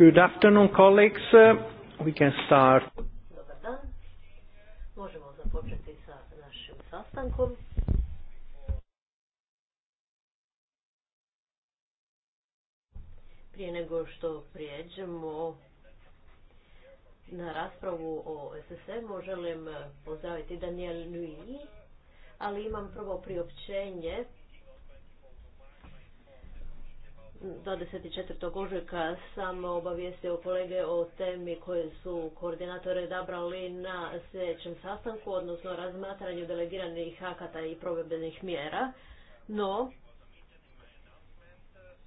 Good afternoon, colleagues. Uh, we can start. Dobar dan. Možemo započeti sa našim sastankom. Prije nego što prijeđemo na raspravu o SSM-u, želim pozdraviti Daniel Nui, ali imam prvo priopćenje 24. ožujka sam obavijestio kolege o temi koje su koordinatore odabrali na sljedećem sastanku, odnosno razmatranju delegiranih akata i provedbenih mjera, no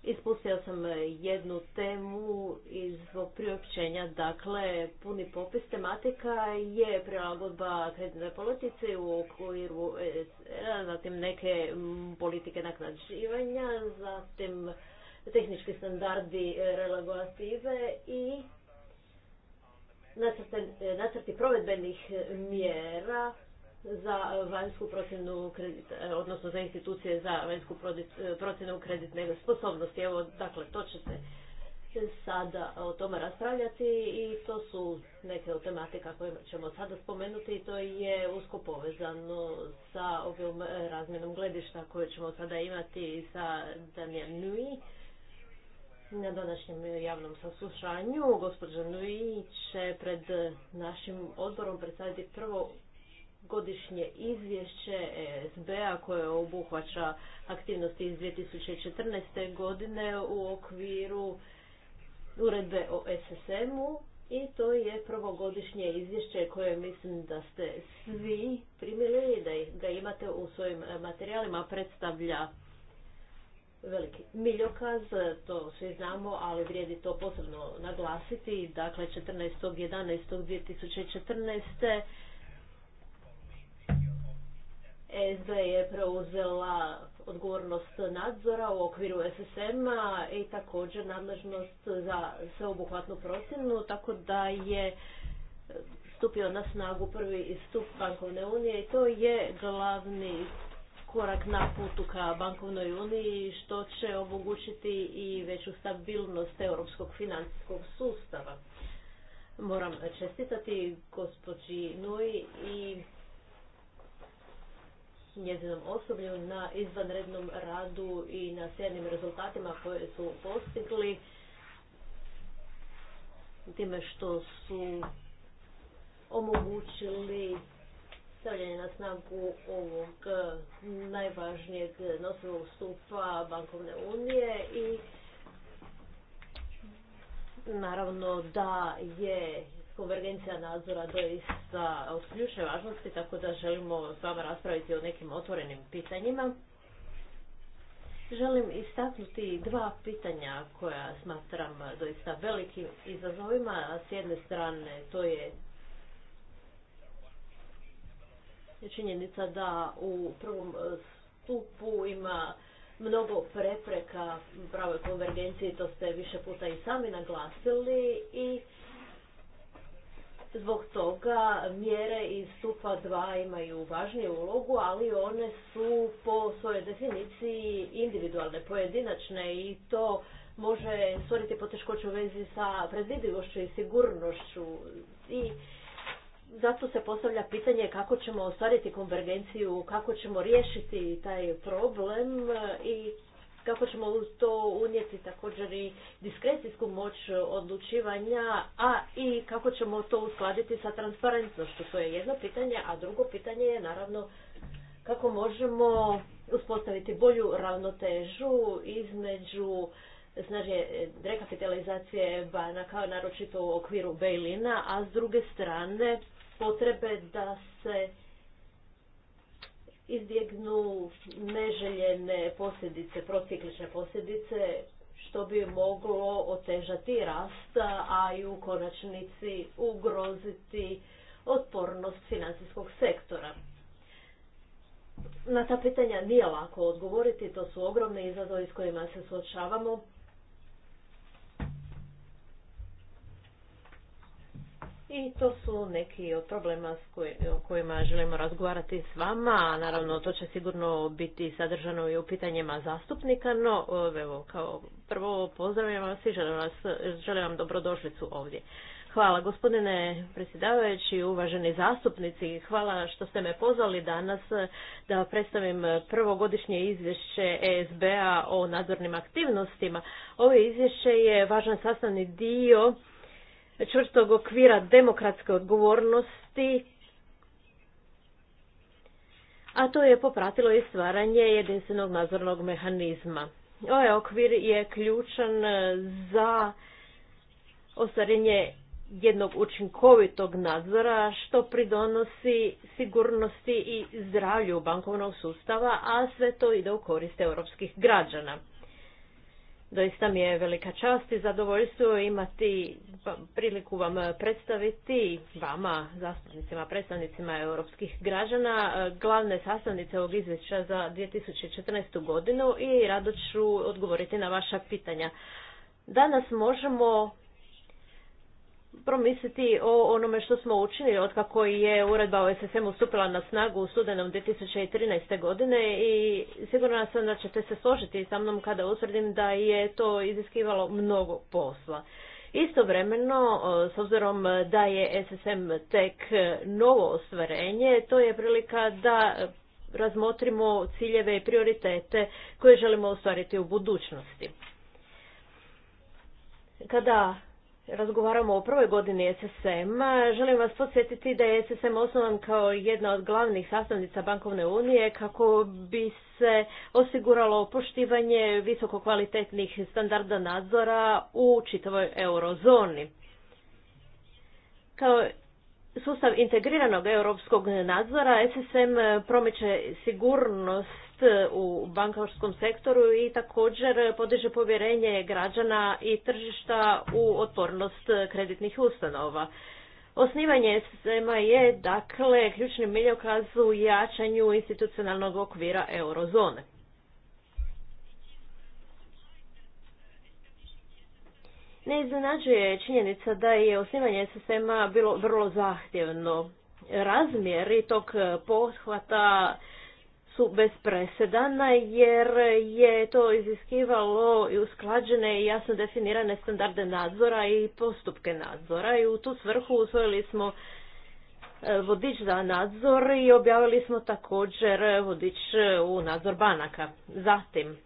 ispustio sam jednu temu iz priopćenja, dakle puni popis tematika je prilagodba kreditnoj politici u okviru, zatim neke politike naknađivanja, zatim tehnički standardi e, regulative i e, nacrti provedbenih e, mjera za vanjsku procjenu kredita, odnosno za institucije za vanjsku procjenu kreditne sposobnosti. Evo, dakle, to će se sada o tome raspravljati i to su neke od tematika koje ćemo sada spomenuti i to je usko povezano sa ovim razmjenom gledišta koje ćemo sada imati sa Damien Nui na današnjem javnom saslušanju gospođa Nui će pred našim odborom predstaviti prvo godišnje izvješće ESB-a koje obuhvaća aktivnosti iz 2014. godine u okviru uredbe o SSM-u i to je godišnje izvješće koje mislim da ste svi primili, da ga imate u svojim materijalima, predstavlja veliki miljokaz, e, to svi znamo, ali vrijedi to posebno naglasiti. Dakle, 14.11.2014. SB je preuzela odgovornost nadzora u okviru SSM-a i također nadležnost za sveobuhvatnu procjenu, tako da je stupio na snagu prvi stup bankovne unije i to je glavni korak na putu ka bankovnoj uniji što će omogućiti i veću stabilnost europskog financijskog sustava. Moram čestitati gospođi Nui i njezinom osoblju na izvanrednom radu i na sjednim rezultatima koje su postigli time što su omogućili stavljanje na snagu ovog e, najvažnijeg nosivog stupa bankovne unije i naravno da je konvergencija nadzora doista od ključne važnosti, tako da želimo s vama raspraviti o nekim otvorenim pitanjima. Želim istaknuti dva pitanja koja smatram doista velikim izazovima. S jedne strane to je činjenica da u prvom e, stupu ima mnogo prepreka pravoj konvergenciji, to ste više puta i sami naglasili i zbog toga mjere iz stupa 2 imaju važniju ulogu, ali one su po svojoj definiciji individualne, pojedinačne i to može stvoriti poteškoću u vezi sa predvidivošću i sigurnošću i zato se postavlja pitanje kako ćemo ostvariti konvergenciju, kako ćemo riješiti taj problem eh, i kako ćemo u to unijeti također i diskrecijsku moć odlučivanja, a i kako ćemo to uskladiti sa transparentnošću. To je jedno pitanje, a drugo pitanje je naravno kako možemo uspostaviti bolju ravnotežu između znači, rekapitalizacije banaka, naročito u okviru Bejlina, a s druge strane potrebe da se izbjegnu neželjene posljedice, prociklične posljedice, što bi moglo otežati rast, a i u konačnici ugroziti otpornost financijskog sektora. Na ta pitanja nije lako odgovoriti, to su ogromne izazovi s kojima se suočavamo. I to su neki od problema s koj, o kojima želimo razgovarati s vama. Naravno, to će sigurno biti sadržano i u pitanjima zastupnika, no evo, kao prvo pozdravljam vas i želim, vas, želim vam dobrodošlicu ovdje. Hvala gospodine predsjedavajući, uvaženi zastupnici, hvala što ste me pozvali danas eh, da predstavim prvogodišnje izvješće ESB-a o nadzornim aktivnostima. Ovo izvješće je važan sastavni dio čvrstog okvira demokratske odgovornosti, a to je popratilo i stvaranje jedinstvenog nadzornog mehanizma. Ovaj okvir je ključan za ostvarenje jednog učinkovitog nadzora što pridonosi sigurnosti i zdravlju bankovnog sustava, a sve to ide u korist europskih građana. Doista mi je velika čast i zadovoljstvo imati priliku vam predstaviti, vama, zastupnicima, predstavnicima europskih građana, e, glavne sastavnice ovog izvješća za 2014. godinu i rado ću odgovoriti na vaša pitanja. Danas možemo promisliti o onome što smo učinili od kako je uredba o ssm ustupila na snagu u studenom 2013. godine i sigurna sam da ćete se složiti sa mnom kada utvrdim da je to iziskivalo mnogo posla. Istovremeno, s obzirom da je SSM tek novo ostvarenje, to je prilika da razmotrimo ciljeve i prioritete koje želimo ostvariti u budućnosti. Kada razgovaramo o prvoj godini ssm želim vas podsjetiti da je SSM osnovan kao jedna od glavnih sastavnica Bankovne unije kako bi se osiguralo poštivanje visokokvalitetnih standarda nadzora u čitavoj eurozoni. Kao sustav integriranog europskog nadzora SSM promiče sigurnost u bankarskom sektoru i također podiže povjerenje građana i tržišta u otpornost kreditnih ustanova. Osnivanje ssm je, dakle, ključni miljokaz u jačanju institucionalnog okvira eurozone. Ne iznenađuje činjenica da je osnivanje SSM-a bilo vrlo zahtjevno. Razmjeri tog pohvata su bez presedana jer je to iziskivalo i usklađene i jasno definirane standarde nadzora i postupke nadzora i u tu svrhu usvojili smo e, vodič za nadzor i objavili smo također e, vodič e, u nadzor banaka. Zatim,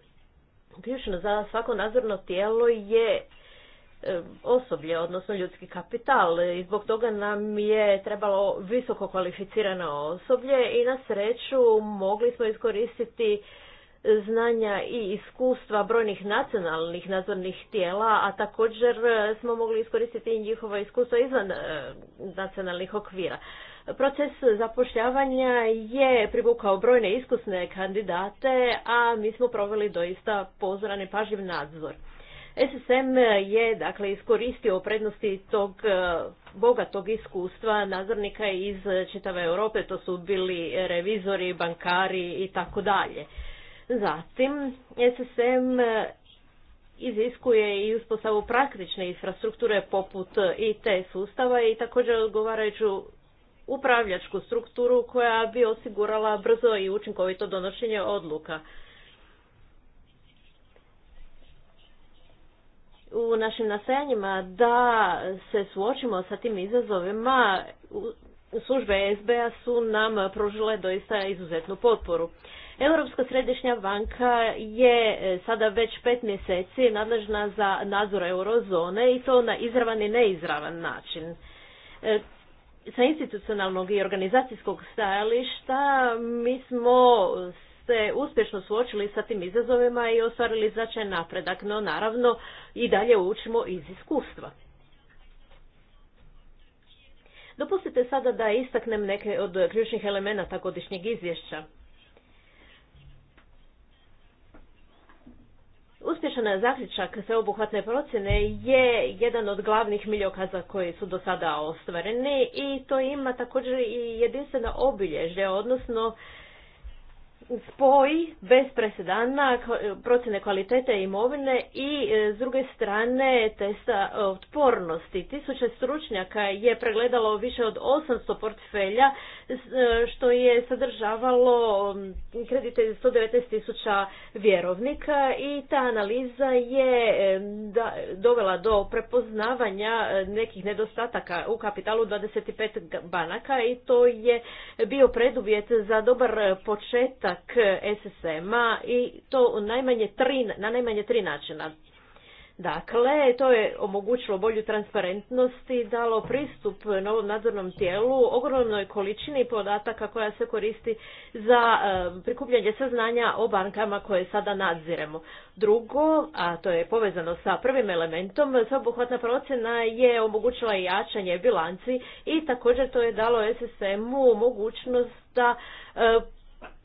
ključno za svako nadzorno tijelo je E, osoblje, odnosno ljudski kapital. I zbog toga nam je trebalo visoko kvalificirano osoblje i na sreću mogli smo iskoristiti znanja i iskustva brojnih nacionalnih nadzornih tijela, a također smo mogli iskoristiti i njihova iskustva izvan e, nacionalnih okvira. Proces zapošljavanja je privukao brojne iskusne kandidate, a mi smo proveli doista pozoran i pažljiv nadzor. SSM je dakle iskoristio prednosti tog e, bogatog iskustva nadzornika iz čitave Europe, to su bili revizori, bankari i tako dalje. Zatim, SSM iziskuje i uspostavu praktične infrastrukture poput IT sustava i također odgovarajuću upravljačku strukturu koja bi osigurala brzo i učinkovito donošenje odluka. u našim nastajanjima da se suočimo sa tim izazovima, službe SBA su nam pružile doista izuzetnu potporu. Europska središnja banka je e, sada već pet mjeseci nadležna za nadzor eurozone i to na izravan i neizravan način. E, sa institucionalnog i organizacijskog stajališta mi smo se uspješno suočili sa tim izazovima i ostvarili značajan napredak, no naravno i dalje učimo iz iskustva. Dopustite sada da istaknem neke od ključnih elemenata godišnjeg izvješća. Uspješan zaključak sveobuhvatne procjene je jedan od glavnih miljokaza koji su do sada ostvareni i to ima također i jedinstvena obilježje, odnosno spoji bez presedana procjene kvalitete imovine i e, s druge strane testa otpornosti. Tisuće stručnjaka je pregledalo više od 800 portfelja e, što je sadržavalo kredite 119 tisuća vjerovnika i ta analiza je e, dovela do prepoznavanja nekih nedostataka u kapitalu 25 banaka i to je bio preduvjet za dobar početak k SSM-a i to najmanje tri, na najmanje tri načina. Dakle, to je omogućilo bolju transparentnost i dalo pristup novom nadzornom tijelu ogromnoj količini podataka koja se koristi za e, prikupljanje saznanja o bankama koje sada nadziremo. Drugo, a to je povezano sa prvim elementom, sveobuhvatna procjena je omogućila i jačanje bilanci i također to je dalo SSM-u mogućnost da e,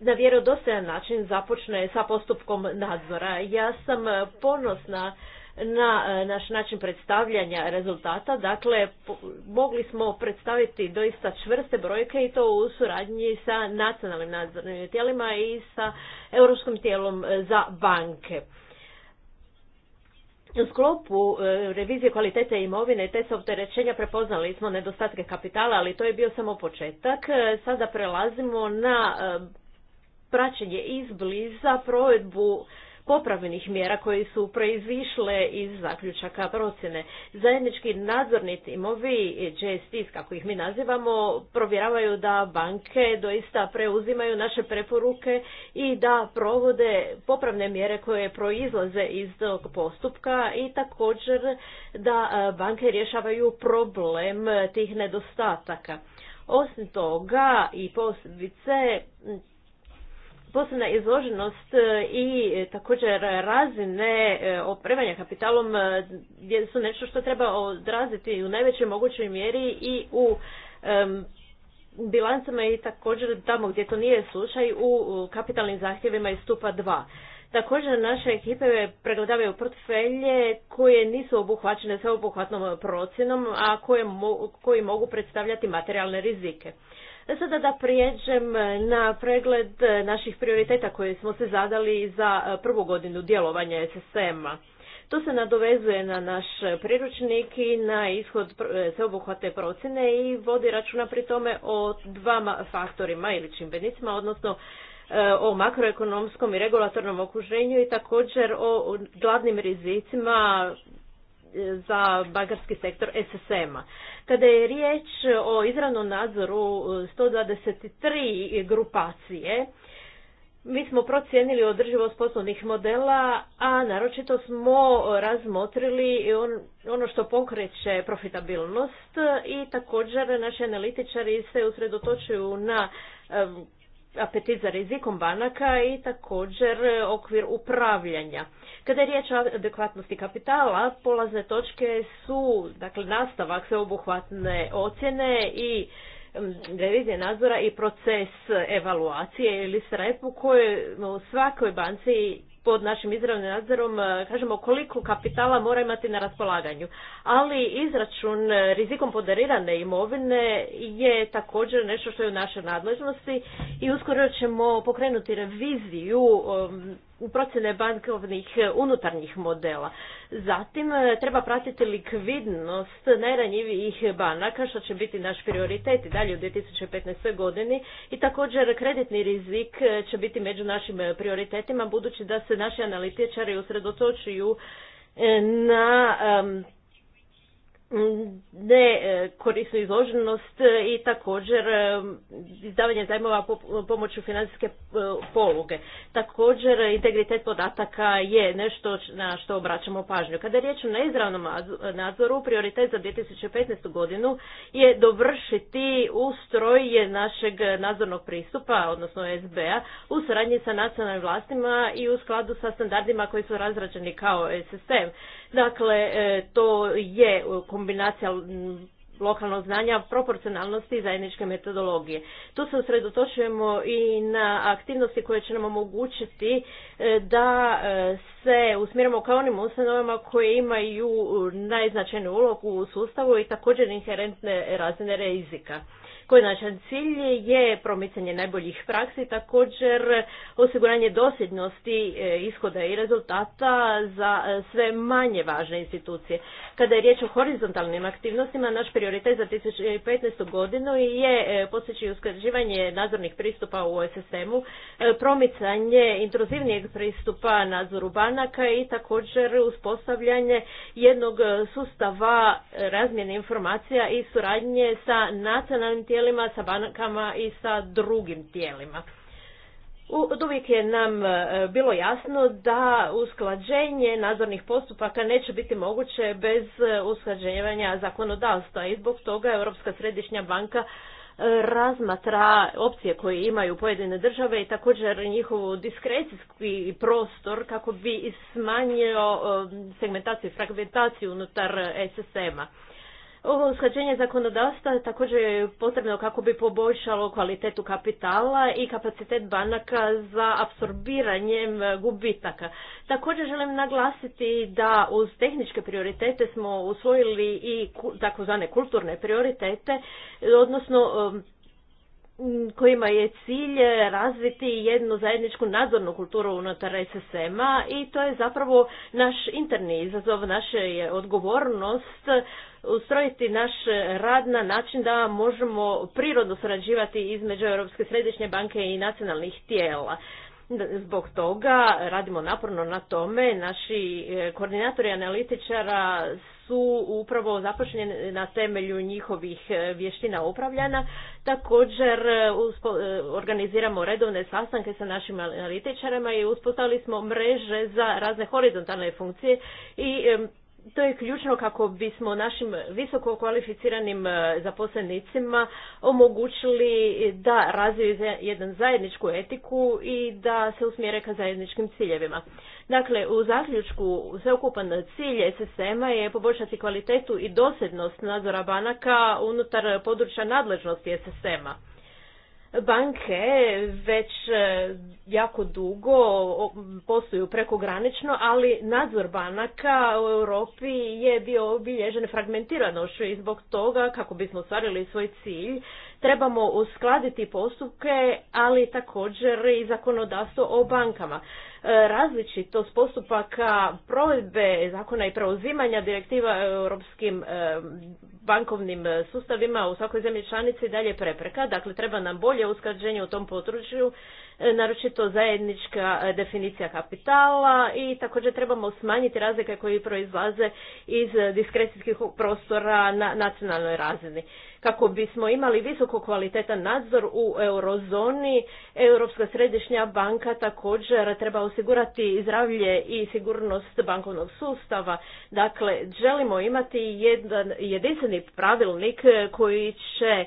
na vjerodostojan način započne sa postupkom nadzora. Ja sam ponosna na e, naš način predstavljanja rezultata. Dakle, mogli smo predstaviti doista čvrste brojke i to u suradnji sa nacionalnim nadzornim tijelima i sa europskom tijelom e, za banke. U sklopu e, revizije kvalitete imovine i testa opterećenja prepoznali smo nedostatke kapitala, ali to je bio samo početak. Sada prelazimo na praćenje izbliza provedbu popravnih mjera koji su proizišle iz zaključaka procjene. Zajednički nadzorni timovi, JSTs kako ih mi nazivamo, provjeravaju da banke doista preuzimaju naše preporuke i da provode popravne mjere koje proizlaze iz tog postupka i također da e, banke rješavaju problem tih nedostataka. Osim toga i posebice posebna izloženost e, i e, također razine e, opremanja kapitalom su nešto što treba odraziti u najvećoj mogućoj mjeri i u bilancama i također tamo gdje to nije slučaj u kapitalnim zahtjevima iz stupa 2. Također naše ekipe pregledavaju portfelje koje nisu obuhvaćene sveobuhvatnom procjenom, a koji mogu predstavljati materijalne rizike. Sada da prijeđem na pregled naših prioriteta koje smo se zadali za e, prvu godinu djelovanja SSM-a. To se nadovezuje na naš priručnik i na ishod e, sveobuhvate procjene i vodi računa pri tome o dvama faktorima ili čimbenicima, odnosno e, o makroekonomskom i regulatornom okruženju i također o glavnim rizicima za bankarski sektor SSM-a. Kada je riječ o izravnom nadzoru 123 eh, grupacije, mi smo procijenili održivost poslovnih modela, a naročito smo razmotrili ono što pokreće profitabilnost i također naši analitičari se usredotočuju na eh, apetit za rizikom banaka i također e, okvir upravljanja. Kada je riječ o adekvatnosti kapitala, polazne točke su dakle, nastavak sveobuhvatne ocjene i revizije nadzora i proces evaluacije ili srepu koje u svakoj banci pod našim izravnim nadzorom e, kažemo koliko kapitala mora imati na raspolaganju. Ali izračun e, rizikom poderirane imovine je također nešto što je u našoj nadležnosti i uskoro ćemo pokrenuti reviziju e, u procjene bankovnih e, unutarnjih modela. Zatim e, treba pratiti likvidnost najranjivijih banaka, što će biti naš prioritet i dalje u 2015. godini. I također kreditni rizik e, će biti među našim prioritetima, budući da se naši analitičari usredotočuju na ne e, korisnu izloženost e, i također e, izdavanje zajmova pomoću financijske poluge. Također integritet podataka je nešto na što obraćamo pažnju. Kada je riječ o neizravnom nadzoru, prioritet za 2015. godinu je dovršiti ustroj našeg nadzornog pristupa, odnosno SBA, u suradnji sa nacionalnim vlastima i u skladu sa standardima koji su razrađeni kao SSM. Dakle, e, to je kombinacija lokalnog znanja, proporcionalnosti i zajedničke metodologije. Tu se usredotočujemo i na aktivnosti koje će nam omogućiti e, da e, se usmjerimo kao onim ustanovama koje imaju najznačajniju ulogu u sustavu i također inherentne razine rizika. Konačan cilj je promicanje najboljih praksi, također osiguranje dosljednosti e, ishoda i rezultata za e, sve manje važne institucije. Kada je riječ o horizontalnim aktivnostima, naš prioritet za 2015. godinu je e, posjeći usklađivanje nadzornih pristupa u OSSM-u, promicanje intruzivnijeg pristupa nadzoru banaka i također uspostavljanje jednog sustava razmjene informacija i suradnje sa nacionalnim tijelom tijelima, sa bankama i sa drugim tijelima. Od uvijek je nam e, bilo jasno da usklađenje nadzornih postupaka neće biti moguće bez e, usklađivanja zakonodavstva i zbog toga Europska središnja banka e, razmatra opcije koje imaju pojedine države i također njihov diskrecijski prostor kako bi smanjio segmentaciju i fragmentaciju unutar SSM-a. Ovo usklađenje zakonodavstva također je potrebno kako bi poboljšalo kvalitetu kapitala i kapacitet banaka za apsorbiranjem gubitaka. Također želim naglasiti da uz tehničke prioritete smo usvojili i takozvane kulturne prioritete, odnosno um, kojima je cilj razviti jednu zajedničku nadzornu kulturu unutar SSM-a i to je zapravo naš interni izazov, naša je odgovornost ustrojiti naš rad na način da možemo prirodno surađivati između Europske središnje banke i nacionalnih tijela. Zbog toga radimo naporno na tome, naši e, koordinatori analitičara su upravo započinjene na temelju njihovih e, vještina upravljana. Također e, e, organiziramo redovne sastanke sa našim analitičarima i uspostavili smo mreže za razne horizontalne funkcije i to je ključno kako bismo našim visoko kvalificiranim e, zaposlenicima omogućili da razviju jednu zajedničku etiku i da se usmjere ka zajedničkim ciljevima. Dakle, u zaključku sveukupan cilj SSM-a je poboljšati kvalitetu i dosljednost nadzora banaka unutar područja nadležnosti SSM-a banke već e, jako dugo posluju prekogranično, ali nadzor banaka u Europi je bio obilježen fragmentiranošću i zbog toga, kako bismo ostvarili svoj cilj, trebamo uskladiti postupke, ali također i zakonodavstvo o bankama. E, različitost postupaka provedbe zakona i preuzimanja direktiva europskim e, bankovnim e, sustavima u svakoj zemlji članici dalje prepreka. Dakle, treba nam bolje usklađenje u tom području, e, naročito zajednička e, definicija kapitala i također trebamo smanjiti razlike koje proizlaze iz diskrecijskih prostora na nacionalnoj razini. Kako bismo imali visoko kvalitetan nadzor u eurozoni, Europska središnja banka također treba osigurati zdravlje i sigurnost bankovnog sustava. Dakle, želimo imati jedan jedinstven posebni pravilnik e, koji će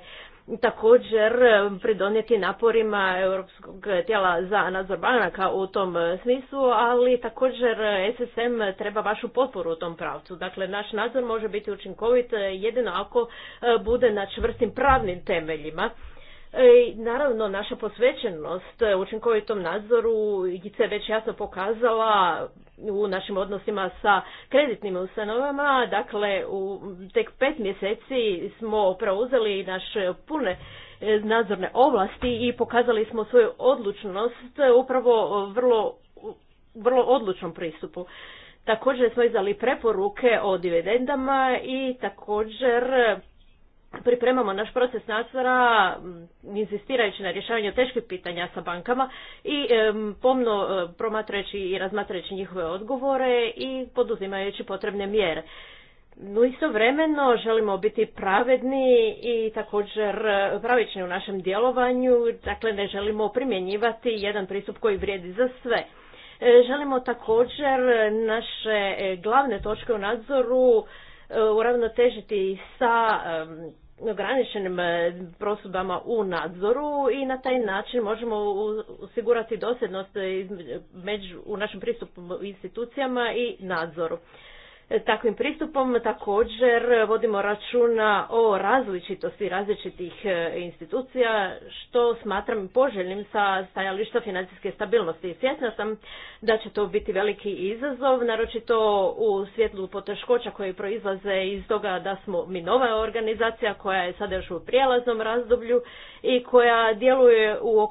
također e, pridonijeti naporima Europskog tijela za nadzor banaka u tom e, smislu, ali također SSM treba vašu potporu u tom pravcu. Dakle, naš nadzor može biti učinkovit jedino ako bude na čvrstim pravnim temeljima i e, naravno, naša posvećenost e, učinkovitom nadzoru se već jasno pokazala u našim odnosima sa kreditnim ustanovama. Dakle, u tek pet mjeseci smo preuzeli naše pune e, nadzorne ovlasti i pokazali smo svoju odlučnost upravo vrlo, vrlo odlučnom pristupu. Također smo izdali preporuke o dividendama i također pripremamo naš proces nadzora inzistirajući na rješavanju teških pitanja sa bankama i pomno e, promatrajući i razmatrajući njihove odgovore i poduzimajući potrebne mjere. No istovremeno želimo biti pravedni i također e, pravični u našem djelovanju, dakle ne želimo primjenjivati jedan pristup koji vrijedi za sve. E, želimo također naše glavne točke u nadzoru uravnotežiti sa ograničenim e, prosudama u nadzoru i na taj način možemo osigurati dosljednost u našim pristupu institucijama i nadzoru. E, takvim pristupom također vodimo računa o različitosti različitih e, institucija, što smatram poželjnim sa stajališta financijske stabilnosti. Svjesna sam da će to biti veliki izazov, naročito u svjetlu poteškoća koje proizlaze iz toga da smo mi nova organizacija koja je sada još u prijelaznom razdoblju i koja djeluje u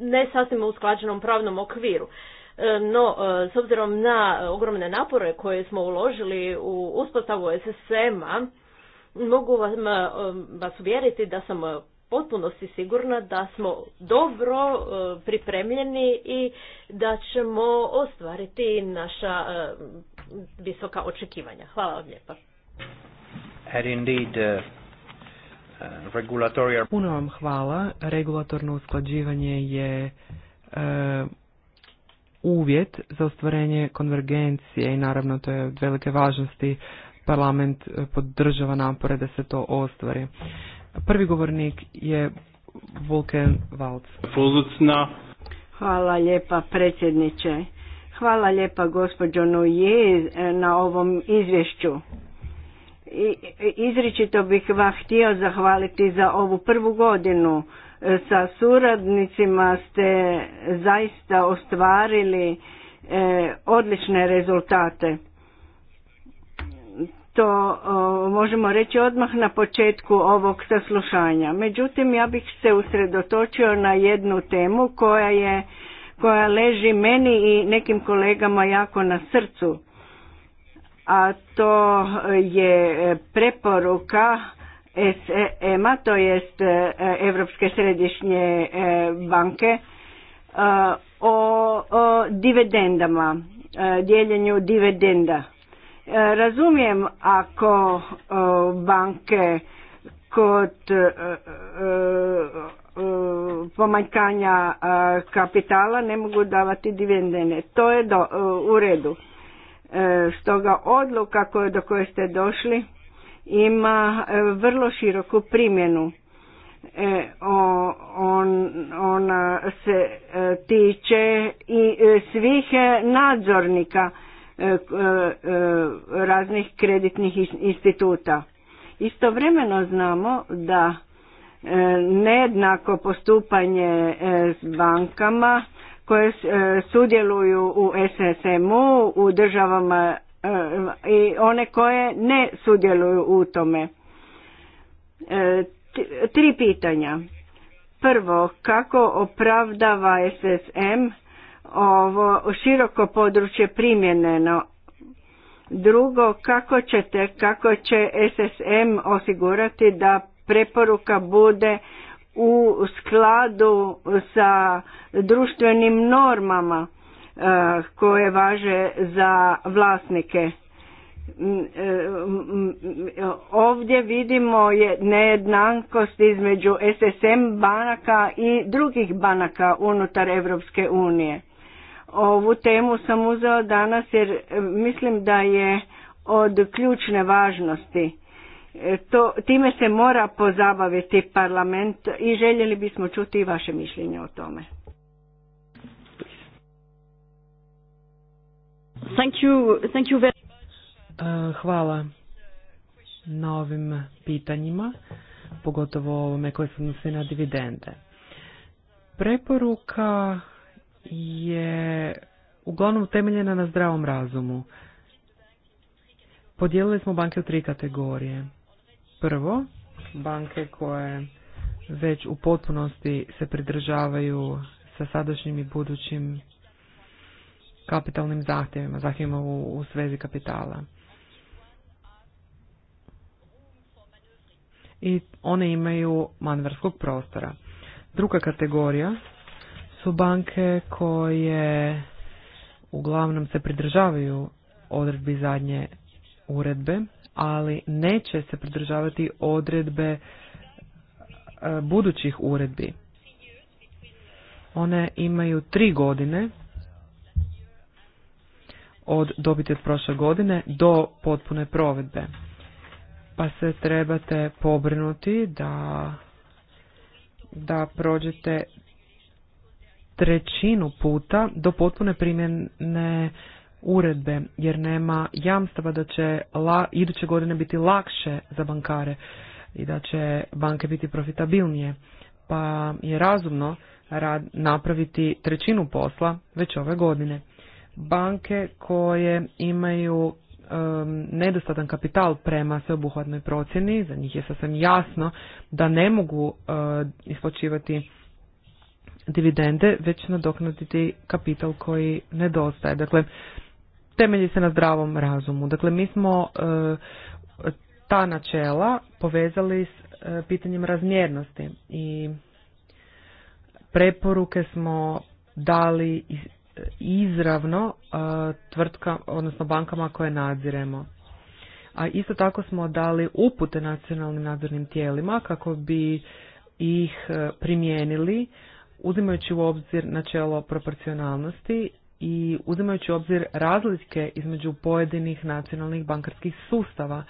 ne sasvim usklađenom pravnom okviru. E, no, e, s obzirom na ogromne napore koje smo uložili u uspostavu SSM-a, mogu e, vas uvjeriti da sam potpunosti sigurna da smo dobro pripremljeni i da ćemo ostvariti naša visoka očekivanja. Hvala vam lijepa. Uh, uh, Puno vam hvala. Regulatorno usklađivanje je uvjet za ostvarenje konvergencije i naravno to je od velike važnosti parlament e, podržava napore da se to ostvari. Prvi govornik je Volken Valc. Hvala lijepa predsjedniče. Hvala lijepa gospođo Nuje e, na ovom izvješću. I, e, izričito bih vam htio zahvaliti za ovu prvu godinu sa suradnicima ste zaista ostvarili e, odlične rezultate. To možemo reći odmah na početku ovog saslušanja. Međutim, ja bih se usredotočio na jednu temu koja je koja leži meni i nekim kolegama jako na srcu. A to je preporuka sm e to jest Europske središnje e, banke, e, o, dividendama, dijeljenju dividenda. Razumijem ako banke kod pomanjkanja kapitala ne mogu davati dividende. To je u redu. Stoga odluka do koje ste došli ima e, vrlo široku primjenu. E, on, ona se e, tiče i svih nadzornika raznih kreditnih instituta. Istovremeno znamo da nejednako postupanje s bankama koje sudjeluju u SSM-u u državama E, i one koje ne sudjeluju u tome. E, tri pitanja. Prvo, kako opravdava SSM ovo široko područje primjeneno? Drugo, kako kako će SSM osigurati da preporuka bude u skladu sa društvenim normama? E, koje važe za vlasnike. Mm, e, mm, mm, ovdje vidimo nejednakost između SSM banaka i drugih banaka unutar Europske unije. Ovu temu sam uzeo danas jer e, mislim da je od ključne važnosti. To, time se mora pozabaviti parlament i željeli bismo čuti i vaše mišljenje o tome. Thank eh, Hvala na ovim pitanjima, pogotovo ovome koje se odnose na dividende. Preporuka je uglavnom temeljena na zdravom razumu. Podijelili smo banke u tri kategorije. Prvo, banke koje već u potpunosti se pridržavaju sa sadašnjim i budućim kapitalnim zahtjevima, zahtjevima u, u svezi kapitala. I one imaju manvarskog prostora. Druga kategorija su banke koje uglavnom se pridržavaju odredbi zadnje uredbe, ali neće se pridržavati odredbe e, budućih uredbi. One imaju tri godine od dobiti od prošle godine do potpune provedbe. Pa se trebate pobrinuti da, da prođete trećinu puta do potpune primjene uredbe, jer nema jamstava da će la, iduće godine biti lakše za bankare i da će banke biti profitabilnije. Pa je razumno rad, napraviti trećinu posla već ove godine banke koje imaju um, nedostatan kapital prema sveobuhvatnoj procjeni, za njih je sasvim jasno da ne mogu uh, isplaćivati dividende, već nadoknaditi kapital koji nedostaje. Dakle, temelji se na zdravom razumu. Dakle, mi smo uh, ta načela povezali s uh, pitanjem razmjernosti i preporuke smo dali izravno e, tvrtka, odnosno bankama koje nadziremo. A isto tako smo dali upute nacionalnim nadzornim tijelima kako bi ih e, primijenili uzimajući u obzir načelo proporcionalnosti i uzimajući u obzir razlike između pojedinih nacionalnih bankarskih sustava.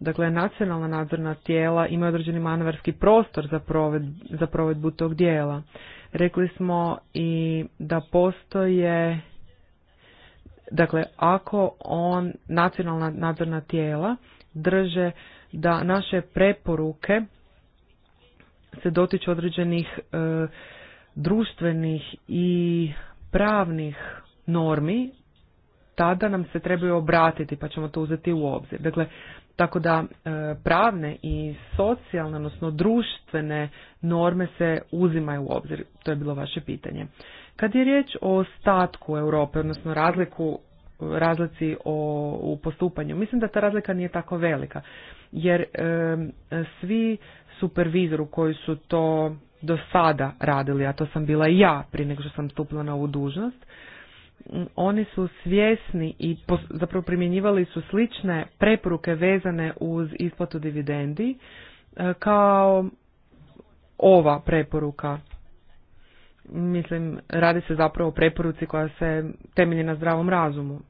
Dakle, nacionalna nadzorna tijela imaju određeni manevarski prostor za, za provedbu tog dijela. Rekli smo i da postoje, dakle, ako on, nacionalna nadzorna tijela drže da naše preporuke se dotiču određenih e, društvenih i pravnih normi, tada nam se trebaju obratiti pa ćemo to uzeti u obzir. Dakle, tako da e, pravne i socijalne, odnosno društvene norme se uzimaju u obzir. To je bilo vaše pitanje. Kad je riječ o statku Europe, odnosno razliku razlici o, u postupanju. Mislim da ta razlika nije tako velika, jer e, svi supervizoru koji su to do sada radili, a to sam bila i ja prije nego što sam stupila na ovu dužnost, oni su svjesni i zapravo primjenjivali su slične preporuke vezane uz isplatu dividendi e, kao ova preporuka. Mislim, radi se zapravo o preporuci koja se temelji na zdravom razumu.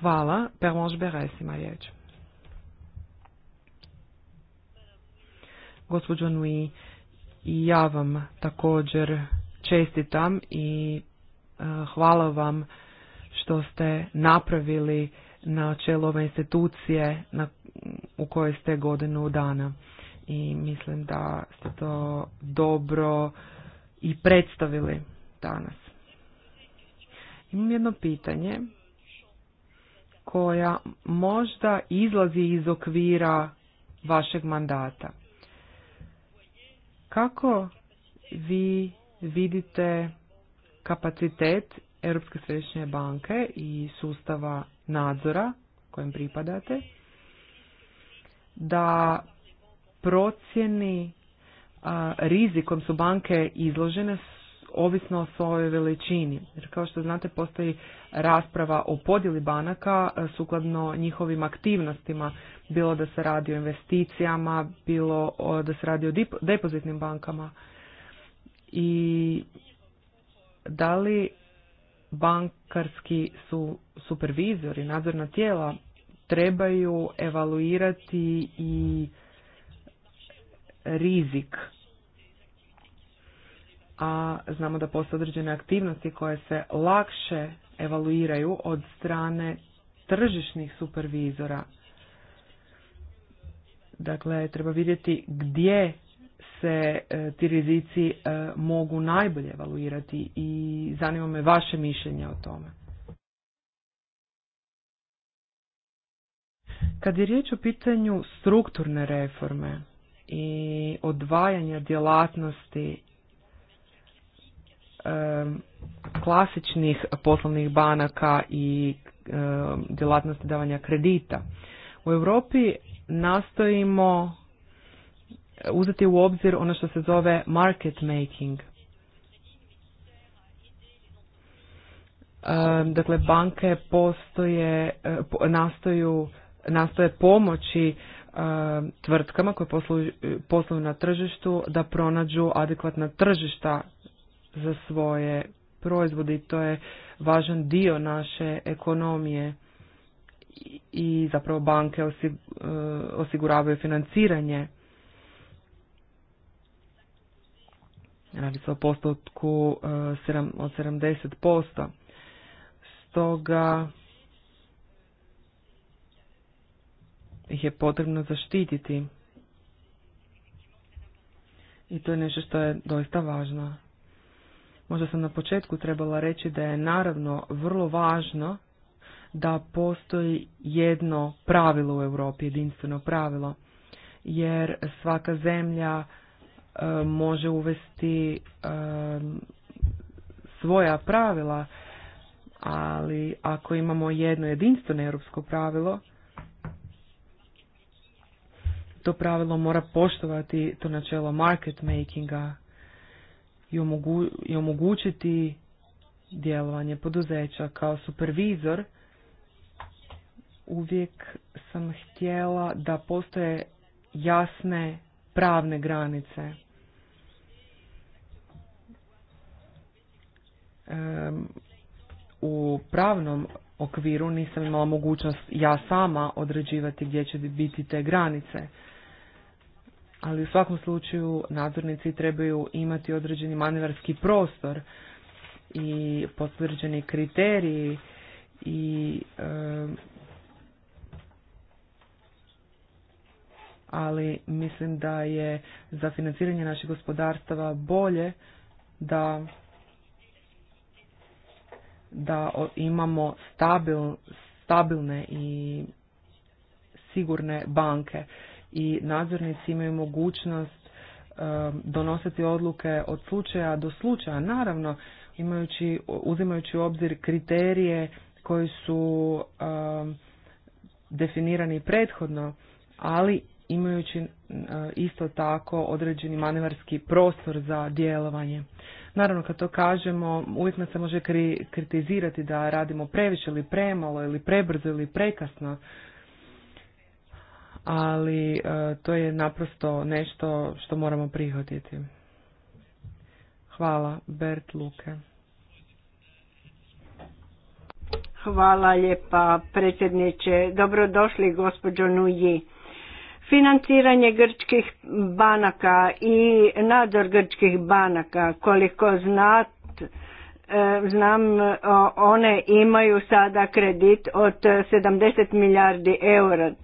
Hvala. Permanche Beres ima riječ. Gospođo i ja vam također čestitam i E, hvala vam što ste napravili na čelu ove institucije na, u kojoj ste godinu dana. I mislim da ste to dobro i predstavili danas. Imam jedno pitanje koja možda izlazi iz okvira vašeg mandata. Kako vi vidite kapacitet Europske središnje banke i sustava nadzora kojem pripadate da procjeni a, rizikom su banke izložene ovisno o svojoj veličini. Jer kao što znate postoji rasprava o podjeli banaka sukladno njihovim aktivnostima, bilo da se radi o investicijama, bilo da se radi o depozitnim bankama. I da li bankarski su supervizori, nadzorna tijela trebaju evaluirati i rizik. A znamo da postoje određene aktivnosti koje se lakše evaluiraju od strane tržišnih supervizora. Dakle, treba vidjeti gdje se e, ti rizici e, mogu najbolje evaluirati i zanima me vaše mišljenje o tome. Kad je riječ o pitanju strukturne reforme i odvajanja djelatnosti e, klasičnih poslovnih banaka i djelatnosti davanja kredita. U Europi nastojimo uzeti u obzir ono što se zove market making. Dakle, banke postoje, e, nastoju, nastoje pomoći e, tvrtkama koje posluju, e, posluju na tržištu da pronađu adekvatna tržišta za svoje proizvode i to je važan dio naše ekonomije i zapravo banke osiguravaju financiranje Radi se o postotku e, od 70%. Stoga ih je potrebno zaštititi. I to je nešto što je doista važno. Možda sam na početku trebala reći da je naravno vrlo važno da postoji jedno pravilo u Europi, jedinstveno pravilo, jer svaka zemlja E, može uvesti e, svoja pravila, ali ako imamo jedno jedinstveno europsko pravilo, to pravilo mora poštovati to načelo market makinga i omogućiti djelovanje poduzeća. Kao supervizor uvijek sam htjela da postoje jasne pravne granice. U pravnom okviru nisam imala mogućnost ja sama određivati gdje će biti te granice. Ali u svakom slučaju nadzornici trebaju imati određeni manevarski prostor i potvrđeni kriteriji i ali mislim da je za financiranje naših gospodarstava bolje da da imamo stabil, stabilne i sigurne banke i nadzornici imaju mogućnost um, donositi odluke od slučaja do slučaja naravno imajući uzimajući u obzir kriterije koji su um, definirani prethodno ali imajući e, isto tako određeni manevarski prostor za djelovanje. Naravno, kad to kažemo, uvijek nas se može kritizirati da radimo previše ili premalo ili prebrzo ili prekasno, ali e, to je naprosto nešto što moramo prihvatiti. Hvala, Bert Luke. Hvala lijepa predsjedniče. Dobrodošli gospođo Nuji. Financiranje grčkih banaka i nadzor grčkih banaka, koliko znat, e, znam one imaju sada kredit od 70 milijardi eura. E,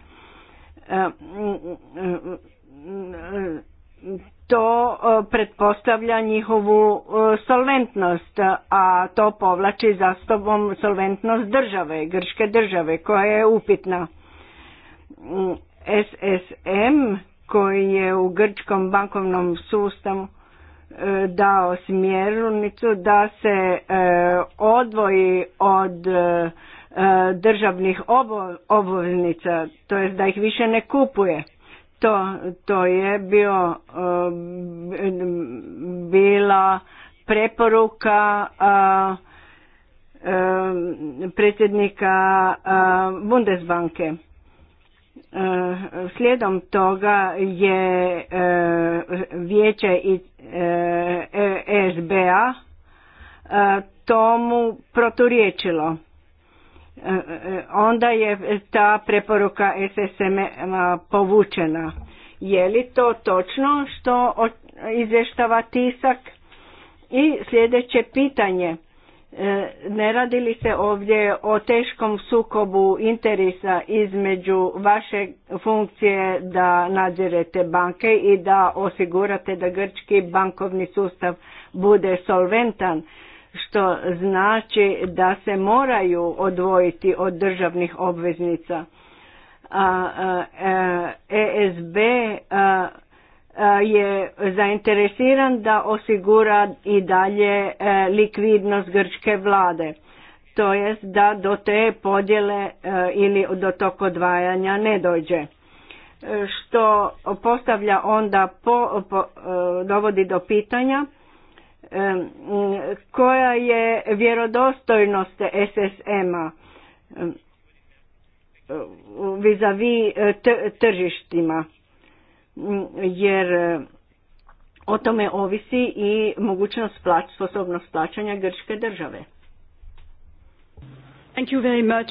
to pretpostavlja njihovu solventnost, a to povlači za sobom solventnost države, grčke države koja je upitna SSM koji je u grčkom bankovnom sustavu e, dao smjernicu da se e, odvoji od e, državnih obveznica, to jest da ih više ne kupuje. To, to je bio, bila preporuka predsjednika Bundesbanke Eh, slijedom toga je eh, vijeće eh, e- e SBA SBA tomu proturječilo. Onda je ta preporuka SSM povučena. Je li to točno što izvještava tisak? I sljedeće pitanje – E, ne radi li se ovdje o teškom sukobu interesa između vaše funkcije da nadzirete banke i da osigurate da grčki bankovni sustav bude solventan, što znači da se moraju odvojiti od državnih obveznica. ESB e E, je zainteresiran da osigura i dalje e, likvidnost grčke vlade. To jest da do te podjele e, ili do tog odvajanja ne dođe. Što postavlja onda dovodi do pitanja koja je vjerodostojnost SSM-a vizavi tržištima Mm, jer e, o tome ovisi i mogućnost plać, sposobnost plaćanja grčke države. Thank you very much.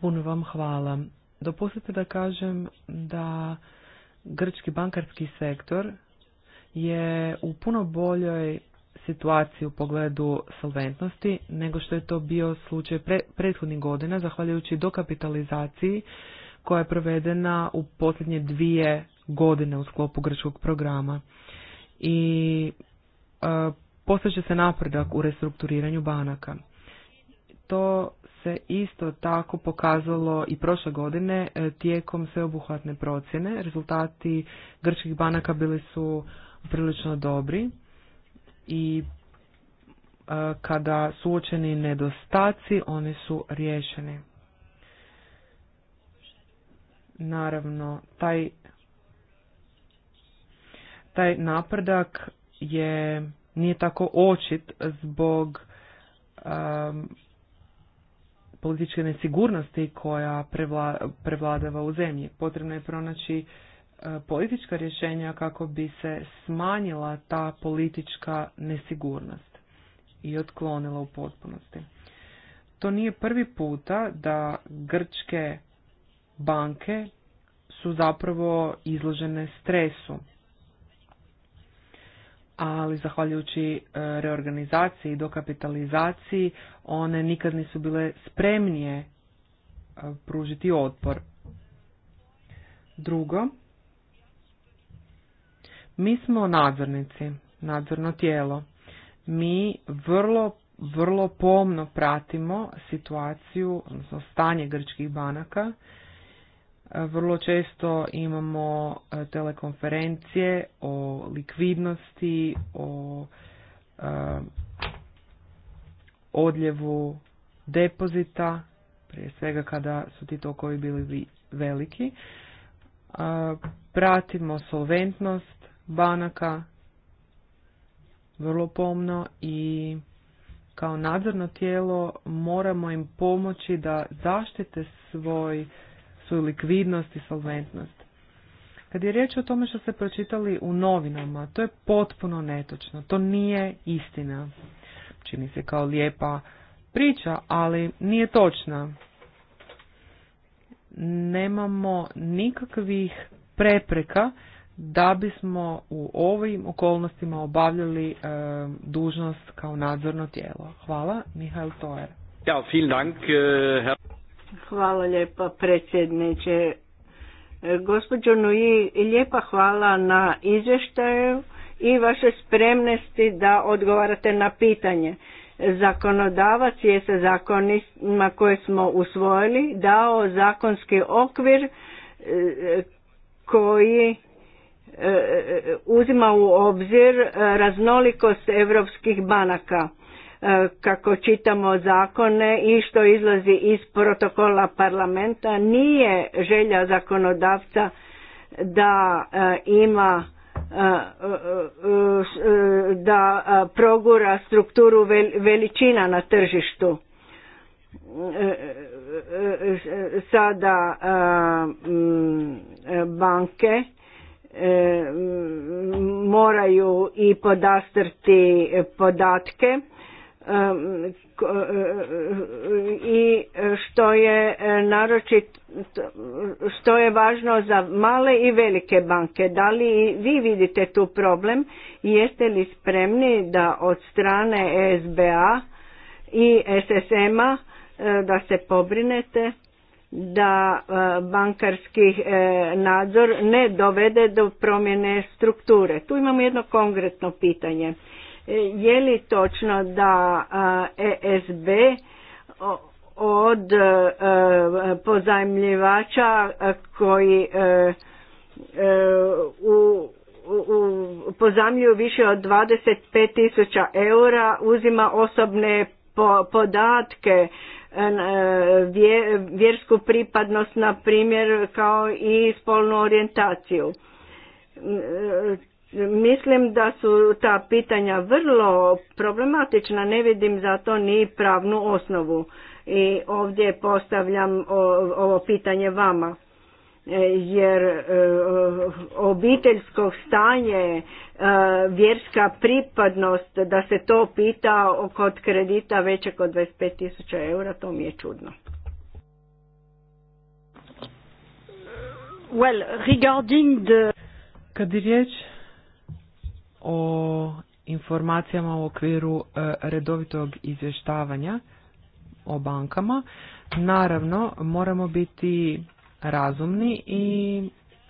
Puno vam hvala. Dopustite da kažem da grčki bankarski sektor je u puno boljoj situaciji u pogledu solventnosti nego što je to bio slučaj prethodnih godina, zahvaljujući dokapitalizaciji koja je provedena u posljednje dvije godine u sklopu grčkog programa i e, će se napredak u restrukturiranju banaka. To se isto tako pokazalo i prošle godine e, tijekom sveobuhvatne procjene. Rezultati grčkih banaka bili su prilično dobri i e, kada su uočeni nedostaci, oni su riješeni. Naravno, taj taj napredak je nije tako očit zbog um, političke nesigurnosti koja prevladava u zemlji. Potrebno je pronaći uh, politička rješenja kako bi se smanjila ta politička nesigurnost i otklonila u potpunosti. To nije prvi puta da grčke banke su zapravo izložene stresu ali zahvaljujući e, reorganizaciji i dokapitalizaciji one nikad nisu bile spremnije e, pružiti otpor. Drugo, mi smo nadzornici, nadzorno tijelo. Mi vrlo, vrlo pomno pratimo situaciju, odnosno stanje grčkih banaka vrlo često imamo e, telekonferencije o likvidnosti, o e, odljevu depozita, prije svega kada su ti tokovi bili veliki. E, pratimo solventnost banaka vrlo pomno i kao nadzorno tijelo moramo im pomoći da zaštite svoj su likvidnost i solventnost. Kad je riječ o tome što ste pročitali u novinama, to je potpuno netočno. To nije istina. Čini se kao lijepa priča, ali nije točna. Nemamo nikakvih prepreka da bismo u ovim okolnostima obavljali e, dužnost kao nadzorno tijelo. Hvala, Mihael Toer. Ja, e, Hvala lijepa predsjedniče. E, gospođo Nui, lijepa hvala na izvještaju i vaše spremnosti da odgovarate na pitanje. Zakonodavac je sa zakonima koje smo usvojili dao zakonski okvir e, koji e, uzima u obzir raznolikost europskih banaka E, kako čitamo zakone i što izlazi iz protokola parlamenta nije želja zakonodavca da e, ima e, da progura strukturu veličina na tržištu sada banke moraju i podastrti podatke E, e, i što je e, naročit što je važno za male i velike banke da li vi vidite tu problem i jeste li spremni da od strane SBA i SSM-a da se pobrinete da bankarski nadzor ne dovede do promjene strukture tu imamo jedno konkretno pitanje je li točno da ESB e od e, pozajmljivača koji e, u u više od pet tisuća eura, uzima osobne podatke, vjersku pripadnost, na primjer, kao i spolnu orijentaciju. Mislim da su ta pitanja vrlo problematična, ne vidim za to ni pravnu osnovu. I ovdje postavljam ovo pitanje vama, e, jer e, obiteljsko stanje, e, vjerska pripadnost, da se to pita kod kredita većeg od 25.000 eura, to mi je čudno. Well, Kad riječ o informacijama u okviru e, redovitog izvještavanja o bankama. Naravno, moramo biti razumni i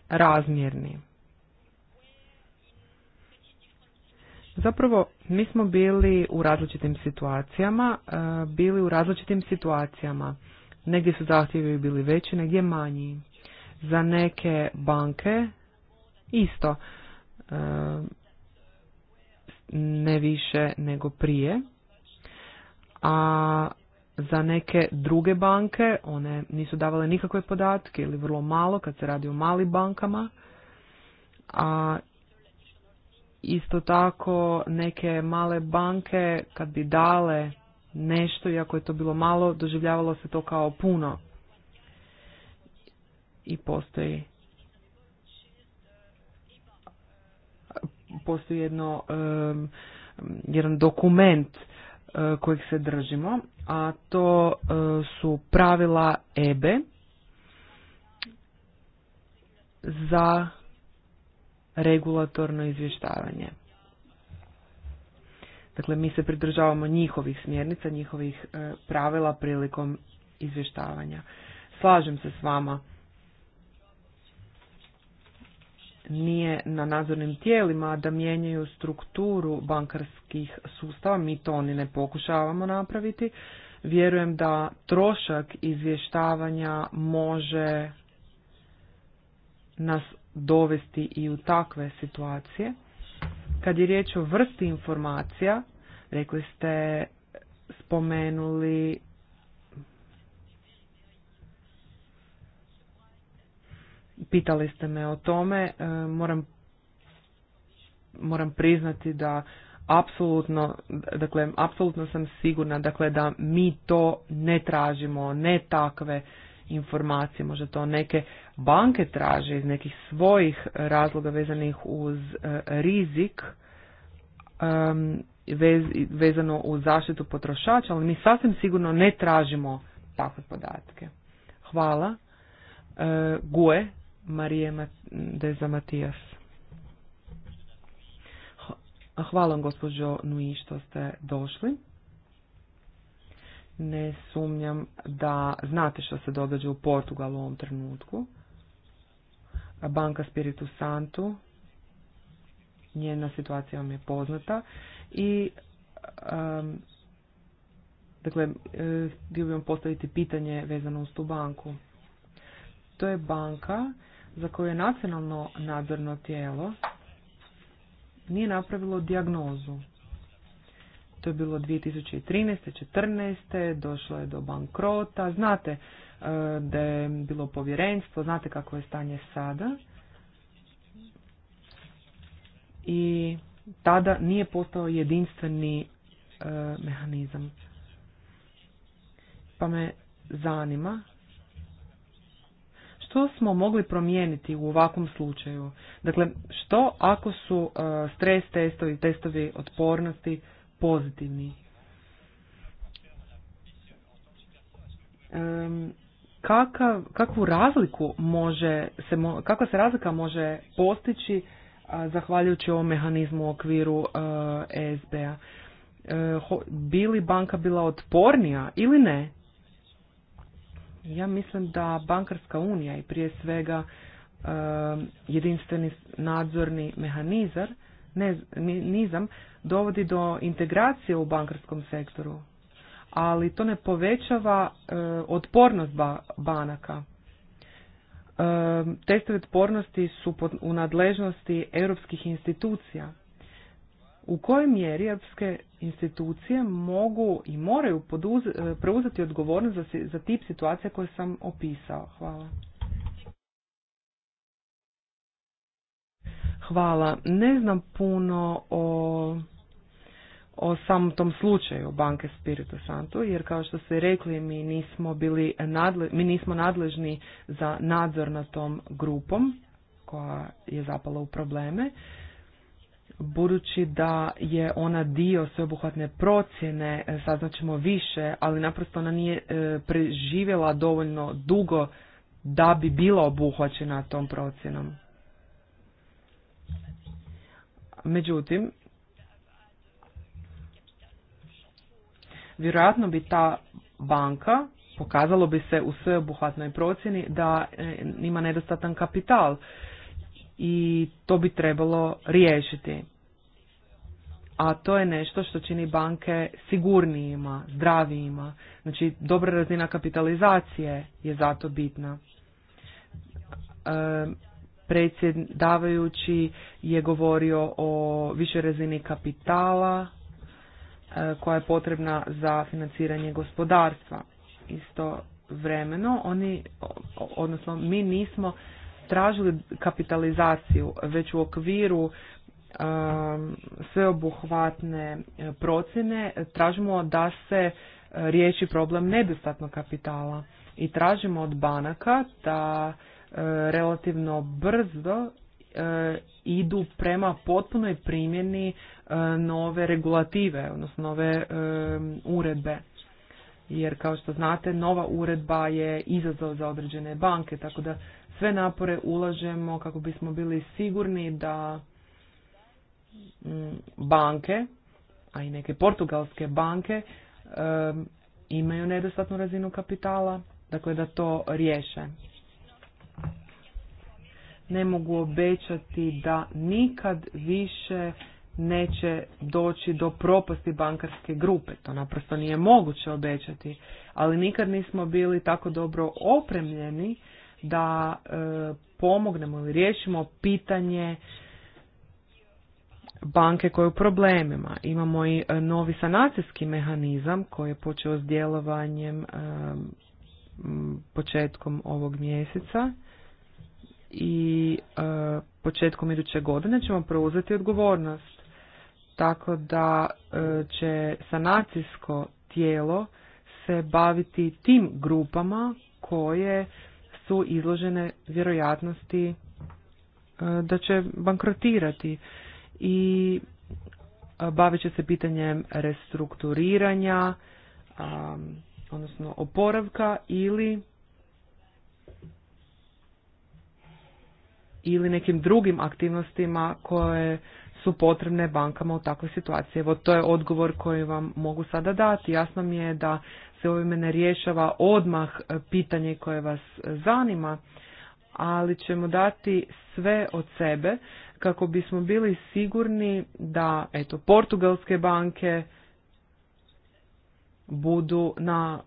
razmjerni. Zapravo, mi smo bili u različitim situacijama, e, bili u različitim situacijama. Negdje su zahtjevi bili veći, negdje manji. Za neke banke isto. E, ne više nego prije, a za neke druge banke one nisu davale nikakve podatke ili vrlo malo kad se radi o malim bankama, a isto tako neke male banke kad bi dale nešto, iako je to bilo malo, doživljavalo se to kao puno i postoji postoji jedno, jedan dokument e, kojeg se držimo, a to e, su pravila EBE e za regulatorno izvještavanje. Dakle, mi se pridržavamo njihovih smjernica, njihovih pravila prilikom izvještavanja. Slažem se s vama nije na nadzornim tijelima da mijenjaju strukturu bankarskih sustava, mi to oni ne pokušavamo napraviti. Vjerujem da trošak izvještavanja može nas dovesti i u takve situacije. Kad je riječ o vrsti informacija, rekli ste spomenuli Pitali ste me o tome, e, moram, moram priznati da apsolutno, dakle, apsolutno sam sigurna, dakle, da mi to ne tražimo, ne takve informacije, možda to neke banke traže iz nekih svojih razloga vezanih uz e, rizik um, vezano uz zaštitu potrošača, ali mi sasvim sigurno ne tražimo takve podatke. Hvala. Uh, Gue, Marije Deza Matijas. Hvala vam, gospođo Nui, što ste došli. Ne sumnjam da znate što se događa u Portugalu u ovom trenutku. Banka Spiritu Santu, njena situacija vam je poznata i dakle, e, htio bih vam postaviti pitanje vezano uz tu banku. To je banka za koje je nacionalno nadzorno tijelo nije napravilo dijagnozu. To je bilo 2013. 14. došlo je do bankrota. Znate e, da je bilo povjerenstvo, znate kako je stanje sada. I tada nije postao jedinstveni e, mehanizam. Pa me zanima što smo mogli promijeniti u ovakvom slučaju? Dakle, što ako su e, stres testovi, testovi otpornosti pozitivni? kakvu razliku može se, kakva se razlika može postići zahvaljujući ovom mehanizmu u okviru ESB-a? E e, Bili banka bila otpornija ili ne? Ja mislim da bankarska unija i prije svega jedinstveni nadzorni mehanizar, nizam dovodi do integracije u bankarskom sektoru, ali to ne povećava eh, otpornost banaka. Testove Testovi otpornosti su u nadležnosti europskih institucija u kojoj mjeri europske institucije mogu i moraju e, preuzeti odgovornost za, za tip situacije koje sam opisao. Hvala. Hvala. Ne znam puno o, o samom tom slučaju banke Spiritu Santo, jer kao što ste rekli mi nismo, bili nadle, mi nismo nadležni za nadzor na tom grupom koja je zapala u probleme budući da je ona dio sveobuhvatne procjene, e, ćemo više, ali naprosto ona nije e, preživjela dovoljno dugo da bi bila obuhvaćena tom procjenom. Međutim, vjerojatno bi ta banka, pokazalo bi se u sveobuhvatnoj procjeni da e, ima nedostatan kapital i to bi trebalo riješiti. A to je nešto što čini banke sigurnijima, zdravijima. Znači, dobra razina kapitalizacije je zato bitna. E, predsjedavajući je govorio o više razini kapitala e, koja je potrebna za financiranje gospodarstva. Isto vremeno, oni, odnosno mi nismo tražili kapitalizaciju već u okviru um, sveobuhvatne e, procjene tražimo da se e, riješi problem nedostatnog kapitala i tražimo od banaka da e, relativno brzo idu prema potpunoj primjeni nove regulative, odnosno nove uredbe. Jer kao što znate, nova uredba je izazov za određene banke, tako da sve napore ulažemo kako bismo bili sigurni da mm, banke, a i neke portugalske banke, imaju nedostatnu razinu kapitala, dakle da to riješe. Ne mogu obećati da nikad više neće doći do propasti bankarske grupe. To naprosto nije moguće obećati, ali nikad nismo bili tako dobro opremljeni da e, pomognemo ili riješimo pitanje banke koje u problemima. Imamo i e, novi sanacijski mehanizam koji je počeo s djelovanjem e, početkom ovog mjeseca i početkom iduće godine ćemo preuzeti odgovornost. Tako da će sanacijsko tijelo se baviti tim grupama koje su izložene vjerojatnosti e, da će bankrotirati i bavit će se pitanjem restrukturiranja, odnosno oporavka ili ili nekim drugim aktivnostima koje su potrebne bankama u takvoj situaciji. Evo to je odgovor koji vam mogu sada dati. Jasno mi je da se ovime ne rješava odmah e, pitanje koje vas e, zanima, ali ćemo dati sve od sebe kako bismo bili sigurni da eto portugalske banke budu na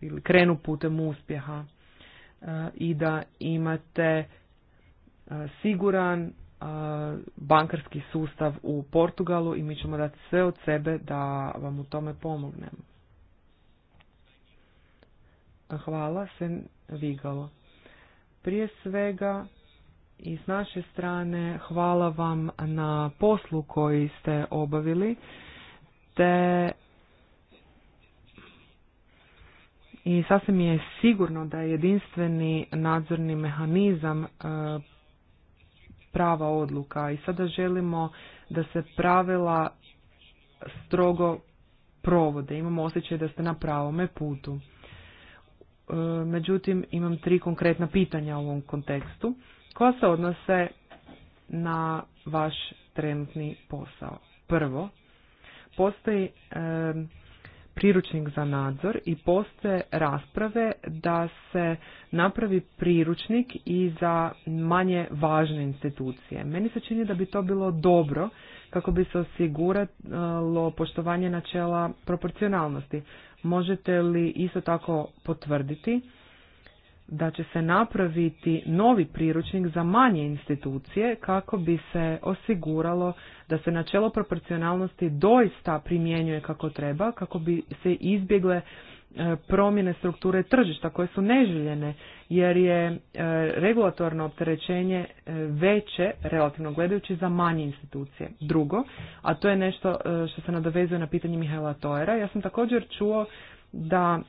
ili krenu putem uspjeha e, i da imate siguran bankarski sustav u Portugalu i mi ćemo dati sve od sebe da vam u tome pomognemo. Hvala se Vigalo. Prije svega i s naše strane hvala vam na poslu koji ste obavili te i sasvim je sigurno da je jedinstveni nadzorni mehanizam e, prava odluka i sada želimo da se pravila strogo provode. Imamo osjećaj da ste na pravome putu. E, međutim imam tri konkretna pitanja u ovom kontekstu koja se odnose na vaš trenutni posao. Prvo, postoji e, priručnik za nadzor i postoje rasprave da se napravi priručnik i za manje važne institucije. Meni se čini da bi to bilo dobro kako bi se osiguralo poštovanje načela proporcionalnosti. Možete li isto tako potvrditi da će se napraviti novi priručnik za manje institucije kako bi se osiguralo da se načelo proporcionalnosti doista primjenjuje kako treba, kako bi se izbjegle E, promjene strukture tržišta koje su neželjene jer je e, regulatorno opterećenje e, veće relativno gledajući za manje institucije. Drugo, a to je nešto što se nadovezuje na pitanje Mihaela Toera, ja sam također čuo da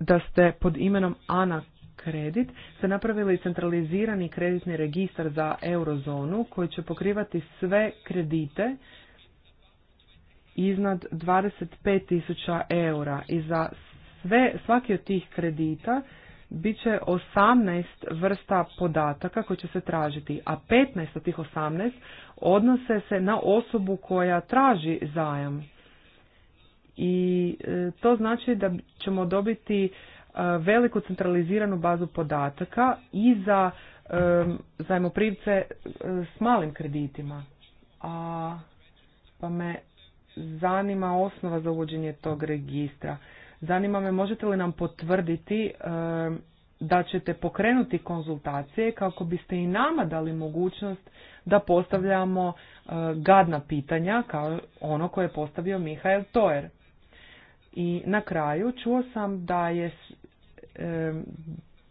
da ste pod imenom Ana Kredit se napravili centralizirani kreditni registar za eurozonu koji će pokrivati sve kredite iznad 25.000 eura i za sve, svaki od tih kredita bit će 18 vrsta podataka koje će se tražiti, a 15 od tih 18 odnose se na osobu koja traži zajam. I e, to znači da ćemo dobiti e, veliku centraliziranu bazu podataka i za e, zajmoprivce s malim kreditima. A, pa me zanima osnova za uvođenje tog registra. Zanima me možete li nam potvrditi e, da ćete pokrenuti konzultacije kako biste i nama dali mogućnost da postavljamo e, gadna pitanja kao ono koje je postavio Mihael Toer. I na kraju čuo sam da je e,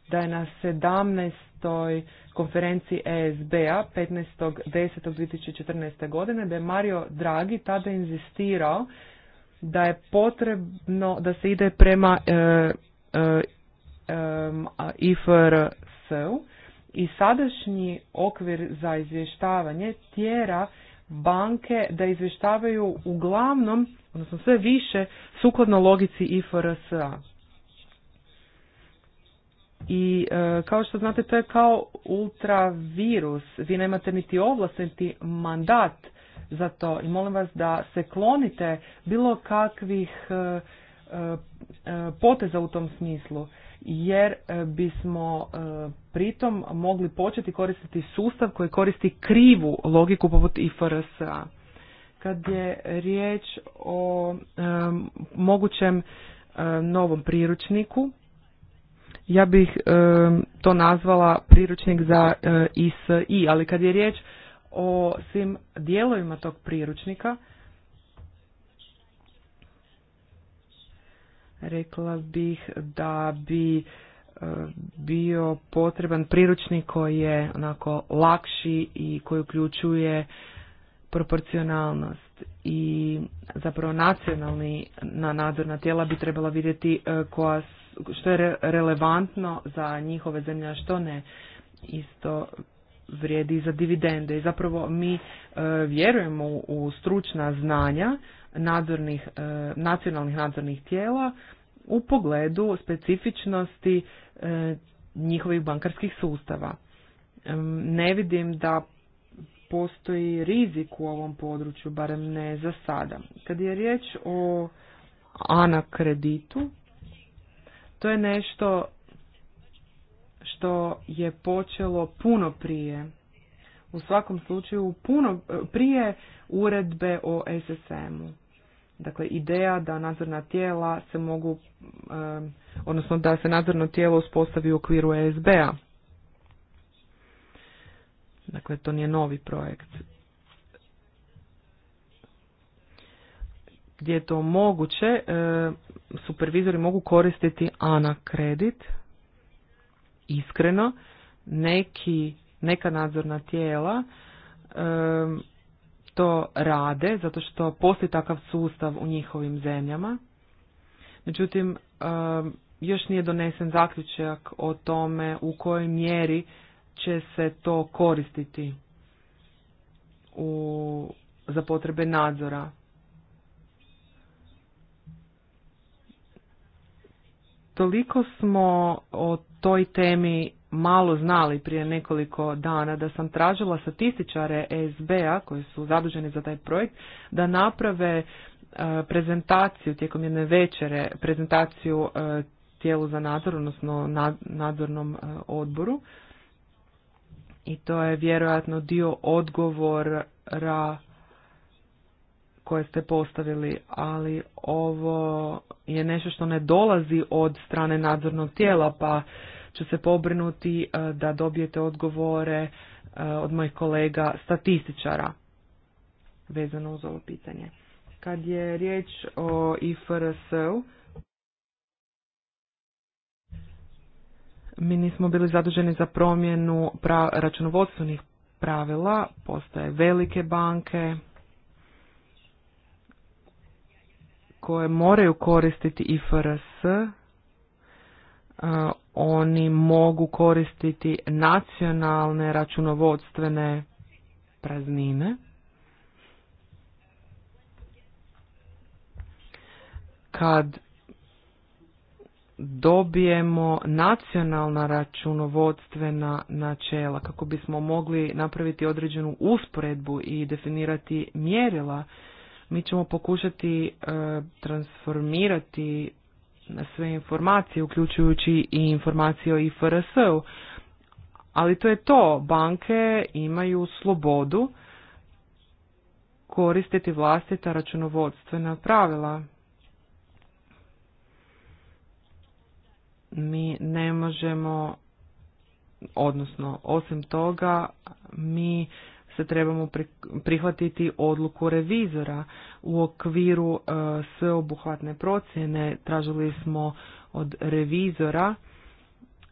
da je na 17. konferenciji ESB-a 15.10.2014. godine da je Mario Draghi tada inzistirao da je potrebno da se ide prema e, e, IFRS-u i sadašnji okvir za izvještavanje tjera banke da izvještavaju uglavnom, odnosno sve više, sukladno logici IFRS-a. I e, kao što znate, to je kao ultravirus. Vi nemate niti ovlast, niti mandat za to. I molim vas da se klonite bilo kakvih e, e, poteza u tom smislu jer bismo pritom mogli početi koristiti sustav koji koristi krivu logiku poput ifrs Kad je riječ o mogućem novom priručniku, ja bih to nazvala priručnik za ISI, eh, ali kad je riječ o svim dijelovima tog priručnika, rekla bih da bi eh, bio potreban priručnik koji je onako lakši i koji uključuje proporcionalnost i zapravo nacionalni na nadzorna tijela bi trebala vidjeti eh, koja što je relevantno za njihove zemlje, a što ne. Isto vrijedi za dividende. I zapravo mi e, vjerujemo u stručna znanja nadzornih, e, nacionalnih nadzornih tijela u pogledu specifičnosti e, njihovih bankarskih sustava. Ne vidim da postoji rizik u ovom području, barem ne za sada. Kad je riječ o ANA kreditu, to je nešto što je počelo puno prije. U svakom slučaju puno prije uredbe o SSM-u. Dakle, ideja da nadzorna tijela se mogu, odnosno da se nadzorno tijelo uspostavi u okviru ESB-a. Dakle, to nije novi projekt. gdje je to moguće, e, supervizori mogu koristiti ANA kredit, iskreno, neki, neka nadzorna tijela e, to rade, zato što postoji takav sustav u njihovim zemljama. Međutim, e, još nije donesen zaključak o tome u kojoj mjeri će se to koristiti u, za potrebe nadzora toliko smo o toj temi malo znali prije nekoliko dana da sam tražila statističare sb a koji su zaduženi za taj projekt da naprave e, prezentaciju tijekom jedne večere, prezentaciju e, tijelu za nadzor, odnosno nadzornom e, odboru. I to je vjerojatno dio odgovora koje ste postavili, ali ovo je nešto što ne dolazi od strane nadzornog tijela, pa ću se pobrinuti e, da dobijete odgovore e, od mojih kolega statističara vezano uz ovo pitanje. Kad je riječ o IFRS-u, mi nismo bili zaduženi za promjenu računovodstvenih pravila, postoje velike banke, koje moraju koristiti IFRS, e, oni mogu koristiti nacionalne računovodstvene praznine. Kad dobijemo nacionalna računovodstvena načela kako bismo mogli napraviti određenu usporedbu i definirati mjerila mi ćemo pokušati e, transformirati sve informacije, uključujući i informacije o IFRS-u, ali to je to. Banke imaju slobodu koristiti vlastita računovodstvena pravila. Mi ne možemo, odnosno osim toga, mi se trebamo prihvatiti odluku revizora u okviru e, sveobuhvatne procjene. Tražili smo od revizora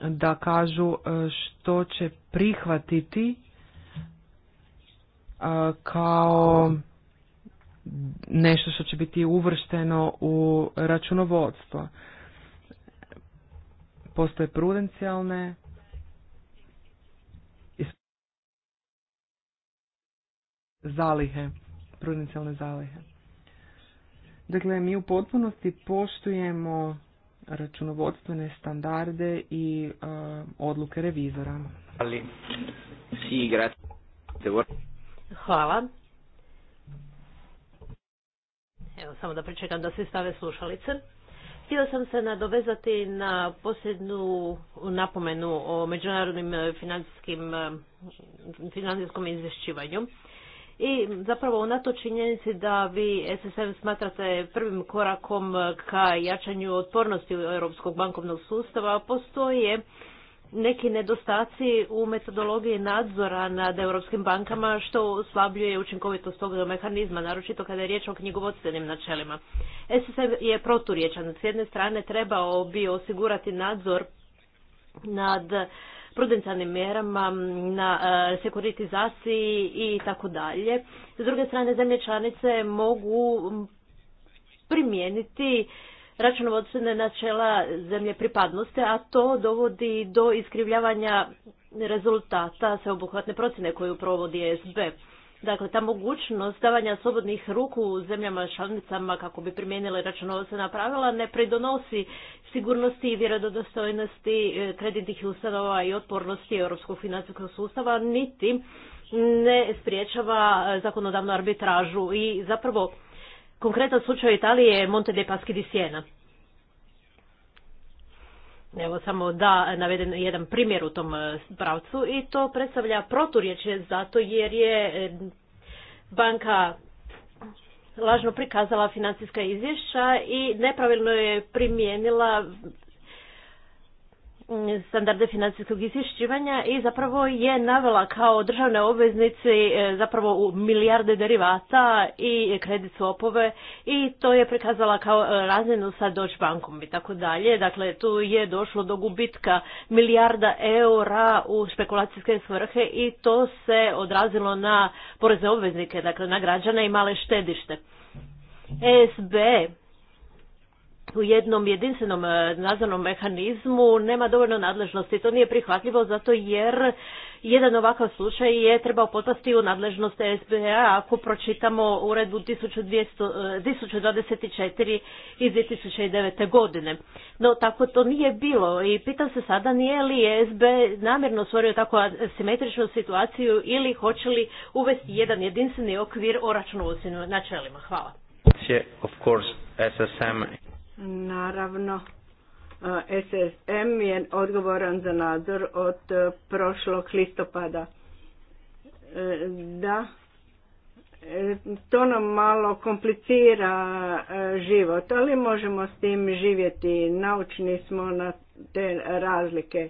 da kažu e, što će prihvatiti e, kao nešto što će biti uvršteno u računovodstvo. Postoje prudencijalne zalihe, prudencijalne zalihe. Dakle, mi u potpunosti poštujemo računovodstvene standarde i e, odluke revizora. Ali, Hvala. Evo, samo da pričekam da se stave slušalice. Htio sam se nadovezati na posljednu napomenu o međunarodnim e, financijskim, e, financijskom izvješćivanju. I zapravo unatoč činjenici da vi SSM smatrate prvim korakom ka jačanju otpornosti europskog bankovnog sustava, postoje neki nedostaci u metodologiji nadzora nad europskim bankama što oslabljuje učinkovitost tog mehanizma, naročito kada je riječ o knjigovodstvenim načelima. SSM je proturječan. S jedne strane trebao bi osigurati nadzor nad prudencijalnim mjerama, na e, sekuritizaciji i tako dalje. S druge strane, zemlje članice mogu primijeniti računovodstvene načela zemlje pripadnosti, a to dovodi do iskrivljavanja rezultata sveobuhvatne procjene koju provodi SB. Dakle, ta mogućnost davanja slobodnih ruku zemljama članicama kako bi primijenile računovodstvena pravila ne pridonosi sigurnosti i vjerodostojnosti e, kreditnih ustanova i otpornosti europskog financijskog sustava, niti ne spriječava e, zakonodavnu arbitražu i zapravo konkretan slučaj Italije je Monte dei Paschi di Siena. Evo samo da navedem jedan primjer u tom e, pravcu i to predstavlja proturječe zato jer je e, banka lažno prikazala financijska izvješća i nepravilno je primijenila standarde financijskog izvješćivanja i zapravo je navela kao državne obveznici e, zapravo u milijarde derivata i kredit swapove i to je prikazala kao razinu sa Deutsche Bankom i tako dalje. Dakle, tu je došlo do gubitka milijarda eura u špekulacijske svrhe i to se odrazilo na porezne obveznike, dakle na građane i male štedište. ESB u jednom jedinstvenom e, nadzornom mehanizmu nema dovoljno nadležnosti. To nije prihvatljivo zato jer jedan ovakav slučaj je trebao potpasti u nadležnost SBA ako pročitamo uredbu 1200, 1024 e, iz 2009. godine. No tako to nije bilo i pitam se sada nije li SB namjerno stvorio tako asimetričnu situaciju ili hoće li uvesti jedan jedinstveni okvir o računovodstvenim načelima. Hvala. Of course, SSM Naravno, e, SSM je odgovoran za nadzor od e, prošlog listopada. E, da, to nam malo komplicira život, ali možemo s tim živjeti. Naučni smo na te razlike.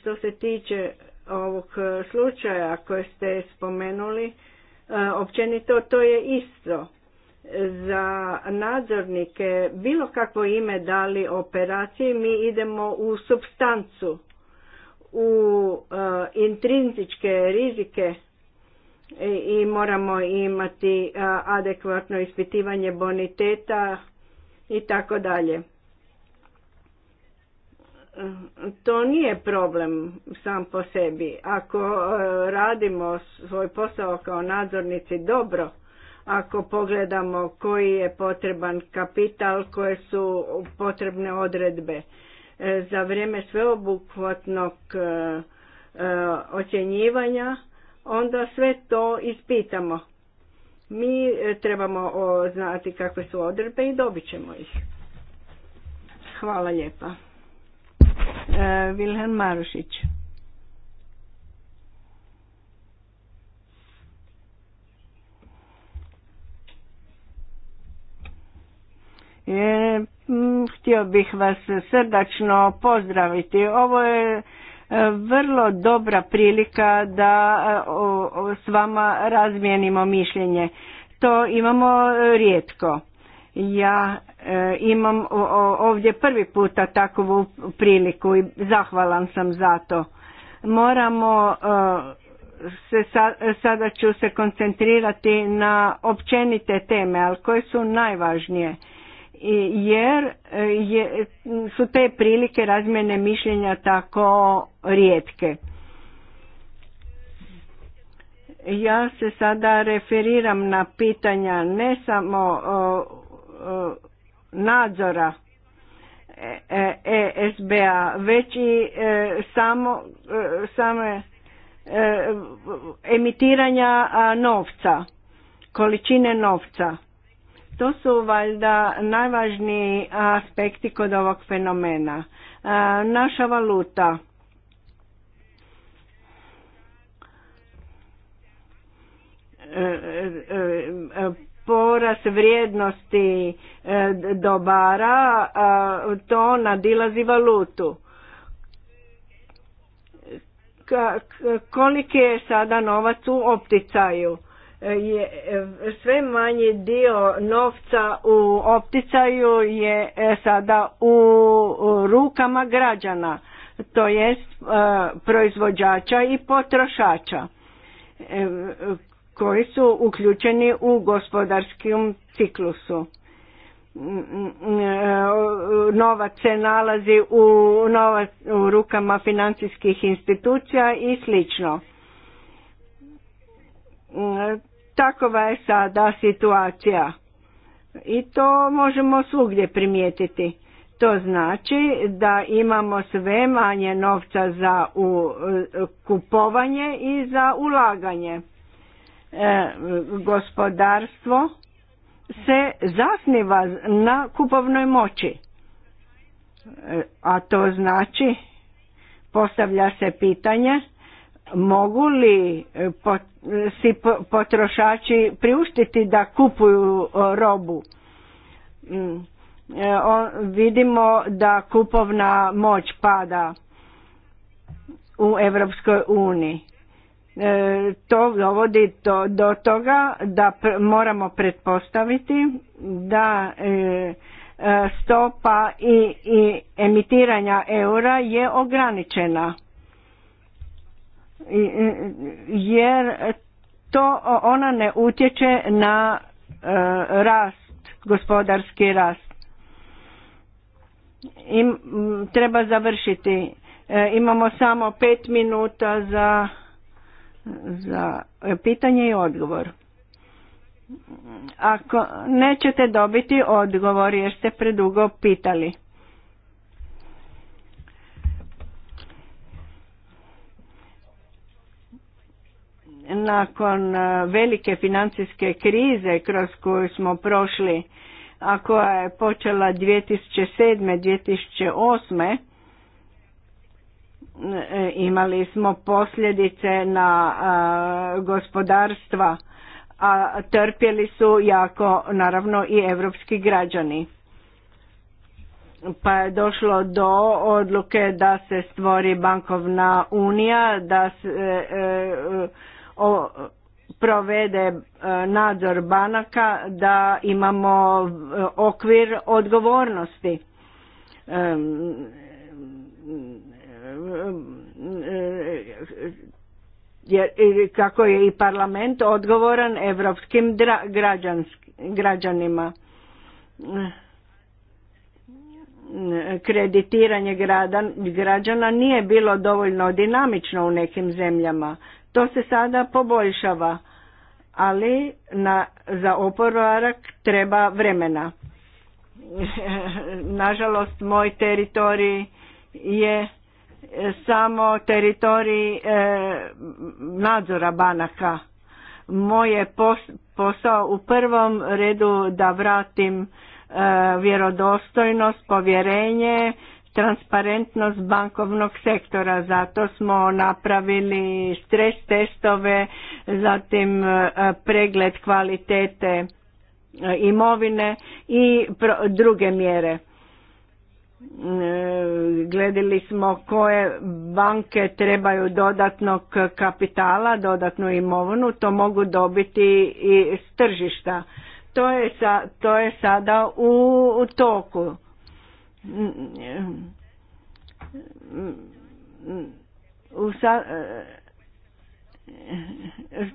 Što se tiče ovog slučaja koje ste spomenuli, općenito to je isto za nadzornike bilo kakvo ime dali operaciji, mi idemo u substancu, u e, intrinzičke rizike i moramo imati e, adekvatno ispitivanje boniteta i tako dalje. To nije problem sam po sebi. Ako e, radimo svoj posao kao nadzornici dobro, ako pogledamo koji je potreban kapital, koje su potrebne odredbe e, za vrijeme sveobuhvatnog e, e, ocjenjivanja, onda sve to ispitamo. Mi trebamo znati kakve su odredbe i dobit ćemo ih. Hvala lijepa. wilhelm Marušić. E, htio bih vas srdačno pozdraviti. Ovo je e, vrlo dobra prilika da e, s vama razmijenimo mišljenje. To imamo rijetko. Ja imam ovdje prvi puta takvu priliku i zahvalan sam za to. Moramo se sada ću se koncentrirati na općenite teme, ali koje su najvažnije jer e, je, su te prilike razmjene mišljenja tako rijetke. Ja se sada referiram na pitanja ne samo nadzora ESBA e, e već i samo same emitiranja novca, količine novca. To su valjda najvažniji aspekti kod ovog fenomena. E, naša valuta e, e, poras vrijednosti dobara to nadilazi valutu. Koliki je sada novac u opticaju? je e, sve manji dio novca u opticaju je e, sada u rukama građana, to jest e, proizvođača i potrošača koji su uključeni u gospodarskom ciklusu. Mm, novac se nalazi u, novac, u rukama financijskih institucija i slično mm, Takova je sada situacija i to možemo svugdje primijetiti. To znači da imamo sve manje novca za u, kupovanje i za ulaganje. E, gospodarstvo se zasniva na kupovnoj moći. E, a to znači, postavlja se pitanje, Mogu li eh, si potrošači priuštiti da kupuju eh, robu? Mm. Eh, vidimo da kupovna moć pada u Europskoj uniji. To dovodi do toga da moramo pretpostaviti da stopa i emitiranja eura je ograničena E, jer to ona ne utječe na e, rast, gospodarski rast. I treba završiti. E, imamo samo pet minuta za, za pitanje i odgovor. Ako nećete dobiti odgovor jer ste predugo pitali. nakon e, velike financijske krize kroz koju smo prošli, a koja je počela 2007-2008, e, imali smo posljedice na e, gospodarstva, a trpjeli su jako naravno i evropski građani. Pa je došlo do odluke da se stvori bankovna unija, da se o, provede e, nadzor banaka da imamo e, okvir odgovornosti e, kako je i parlament odgovoran evropskim građanima kreditiranje građana nije bilo dovoljno dinamično u nekim zemljama to se sada poboljšava, ali na, za oporavak treba vremena. Nažalost, moj teritorij je samo teritorij e, nadzora banaka. Moj je posao u prvom redu da vratim e, vjerodostojnost, povjerenje, transparentnost bankovnog sektora. Zato smo napravili stres testove, zatim e, pregled kvalitete e, imovine i druge mjere. E, gledali smo koje banke trebaju dodatnog kapitala, dodatnu imovinu, to mogu dobiti i s tržišta. To je, to je sada u toku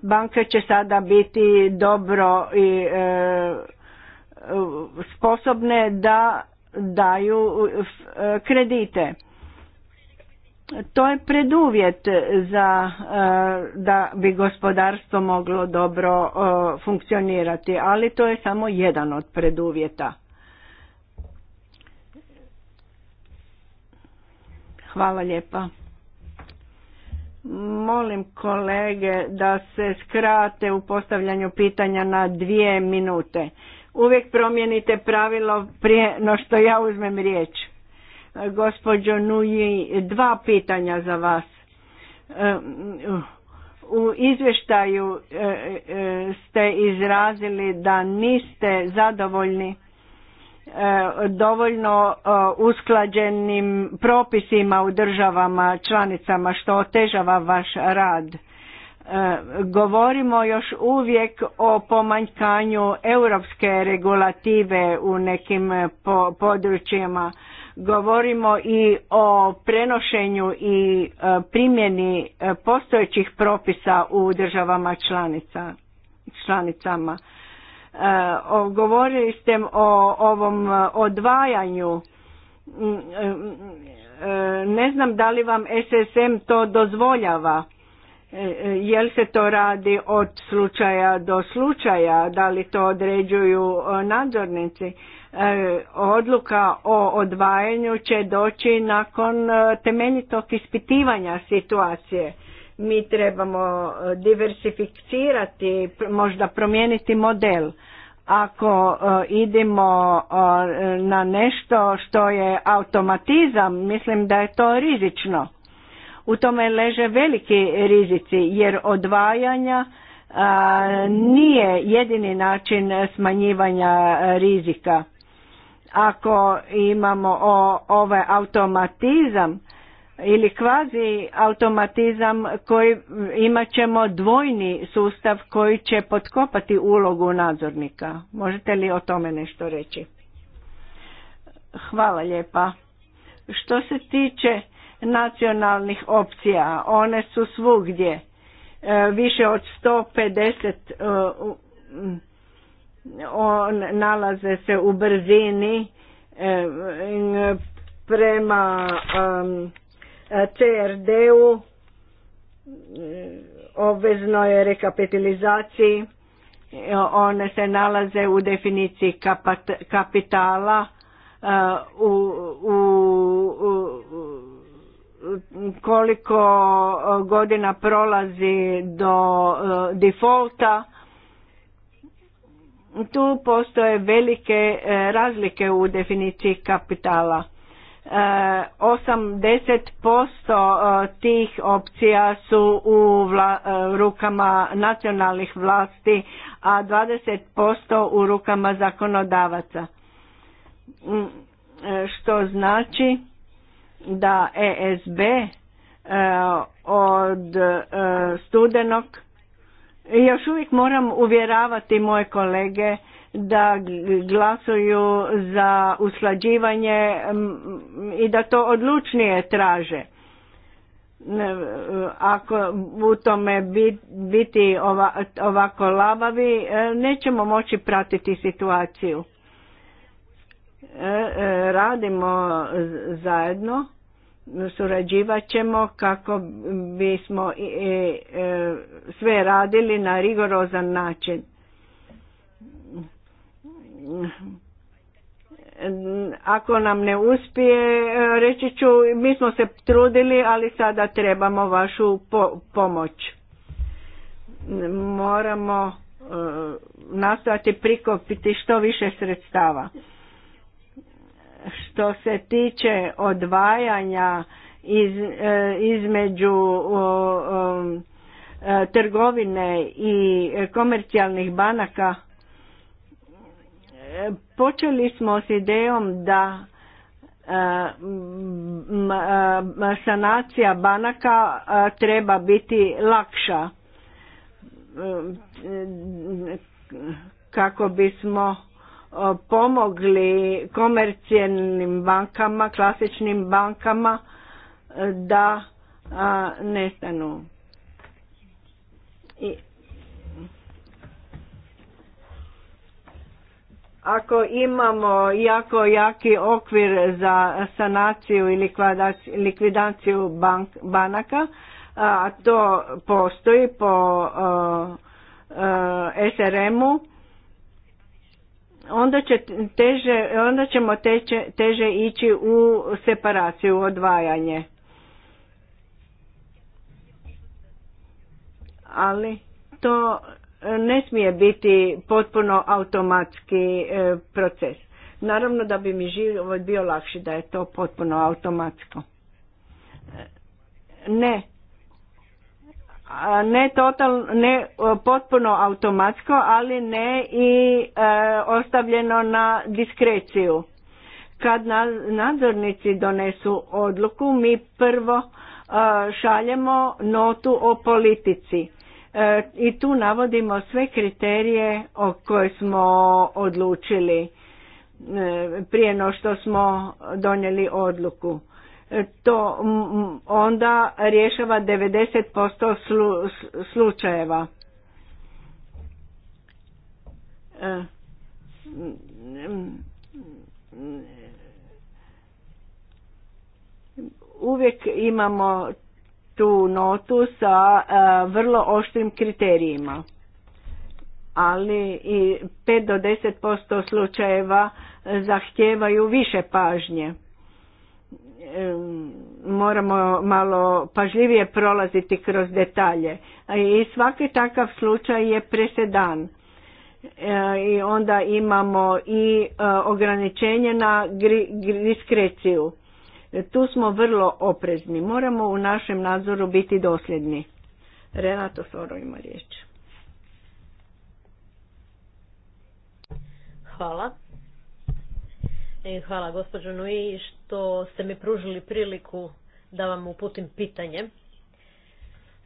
banke će sada biti dobro i e, sposobne da daju e, kredite. To je preduvjet za e, da bi gospodarstvo moglo dobro funkcionirati, ali to je samo jedan od preduvjeta. Hvala lijepa. Molim kolege da se skrate u postavljanju pitanja na dvije minute. Uvijek promijenite pravilo prije no što ja uzmem riječ. Gospođo Nuji, dva pitanja za vas. U izvještaju e, e, ste izrazili da niste zadovoljni dovoljno e, usklađenim propisima u državama članicama što otežava vaš rad. E, govorimo još uvijek o pomanjkanju europske regulative u nekim e, područjima. Govorimo i o prenošenju i primjeni postojećih propisa u državama članica, članicama Govorili ste o ovom odvajanju. Ne znam da li vam SSM to dozvoljava. Jel se to radi od slučaja do slučaja, da li to određuju nadzornici? Odluka o odvajanju će doći nakon temeljitog ispitivanja situacije mi trebamo e, diversificirati, možda promijeniti model. Ako e, idemo e, na nešto što je automatizam, mislim da je to rizično. U tome leže veliki rizici jer odvajanja nije jedini način smanjivanja rizika. Ako imamo ovaj automatizam, ili kvazi automatizam koji imat ćemo dvojni sustav koji će potkopati ulogu nadzornika. Možete li o tome nešto reći? Hvala lijepa. Što se tiče nacionalnih opcija, one su svugdje. E, više od 150 e, on, nalaze se u brzini e, prema E, CRD-u, mm, obveznoj rekapitalizaciji, e, one se nalaze u definiciji kapitala e, u, koliko godina prolazi do defaulta tu postoje velike razlike u definiciji kapitala 80% eh, tih opcija su u eh, rukama nacionalnih vlasti, a 20% u rukama zakonodavaca. Mm, eh, što znači da ESB od studenog još uvijek moram uvjeravati moje kolege da glasuju za usklađivanje i da to odlučnije traže. E, ako u tome biti ovako labavi, e, nećemo moći pratiti situaciju. E, radimo zajedno, surađivat ćemo kako bismo sve radili na rigorozan način ako nam ne uspije, reći ću mi smo se trudili, ali sada trebamo vašu pomoć. Moramo nastaviti e, nastojati prikopiti što više sredstava. Što se tiče odvajanja iz, e, između e, trgovine i komercijalnih banaka, počeli smo s idejom da e, e, sanacija banaka e, treba biti lakša kako bismo pomogli komercijalnim bankama, klasičnim bankama da nestanu. I Ako imamo jako jaki okvir za sanaciju i likvidaciju bank, banaka, a to postoji po SRM-u, onda, će onda ćemo teže, teže ići u separaciju, u odvajanje. Ali to E, ne smije biti potpuno automatski e, proces. Naravno da bi mi život bio lakši da je to potpuno automatsko. E, ne, ne, total, ne potpuno automatsko, ali ne i ostavljeno na diskreciju. Kad nadzornici donesu odluku, mi prvo šaljemo notu o politici i tu navodimo sve kriterije o koje smo odlučili prije no što smo donijeli odluku. To onda rješava 90% slu, slučajeva. Uvijek imamo tu notu sa e, vrlo oštrim kriterijima. Ali i 5 do 10% slučajeva zahtijevaju više pažnje. E, moramo malo pažljivije prolaziti kroz detalje. E, I svaki takav slučaj je presedan i onda imamo i ograničenje na diskreciju. Tu smo vrlo oprezni. Moramo u našem nadzoru biti dosljedni. Renato Soro ima riječ. Hvala. hvala gospođo Nui što ste mi pružili priliku da vam uputim pitanje.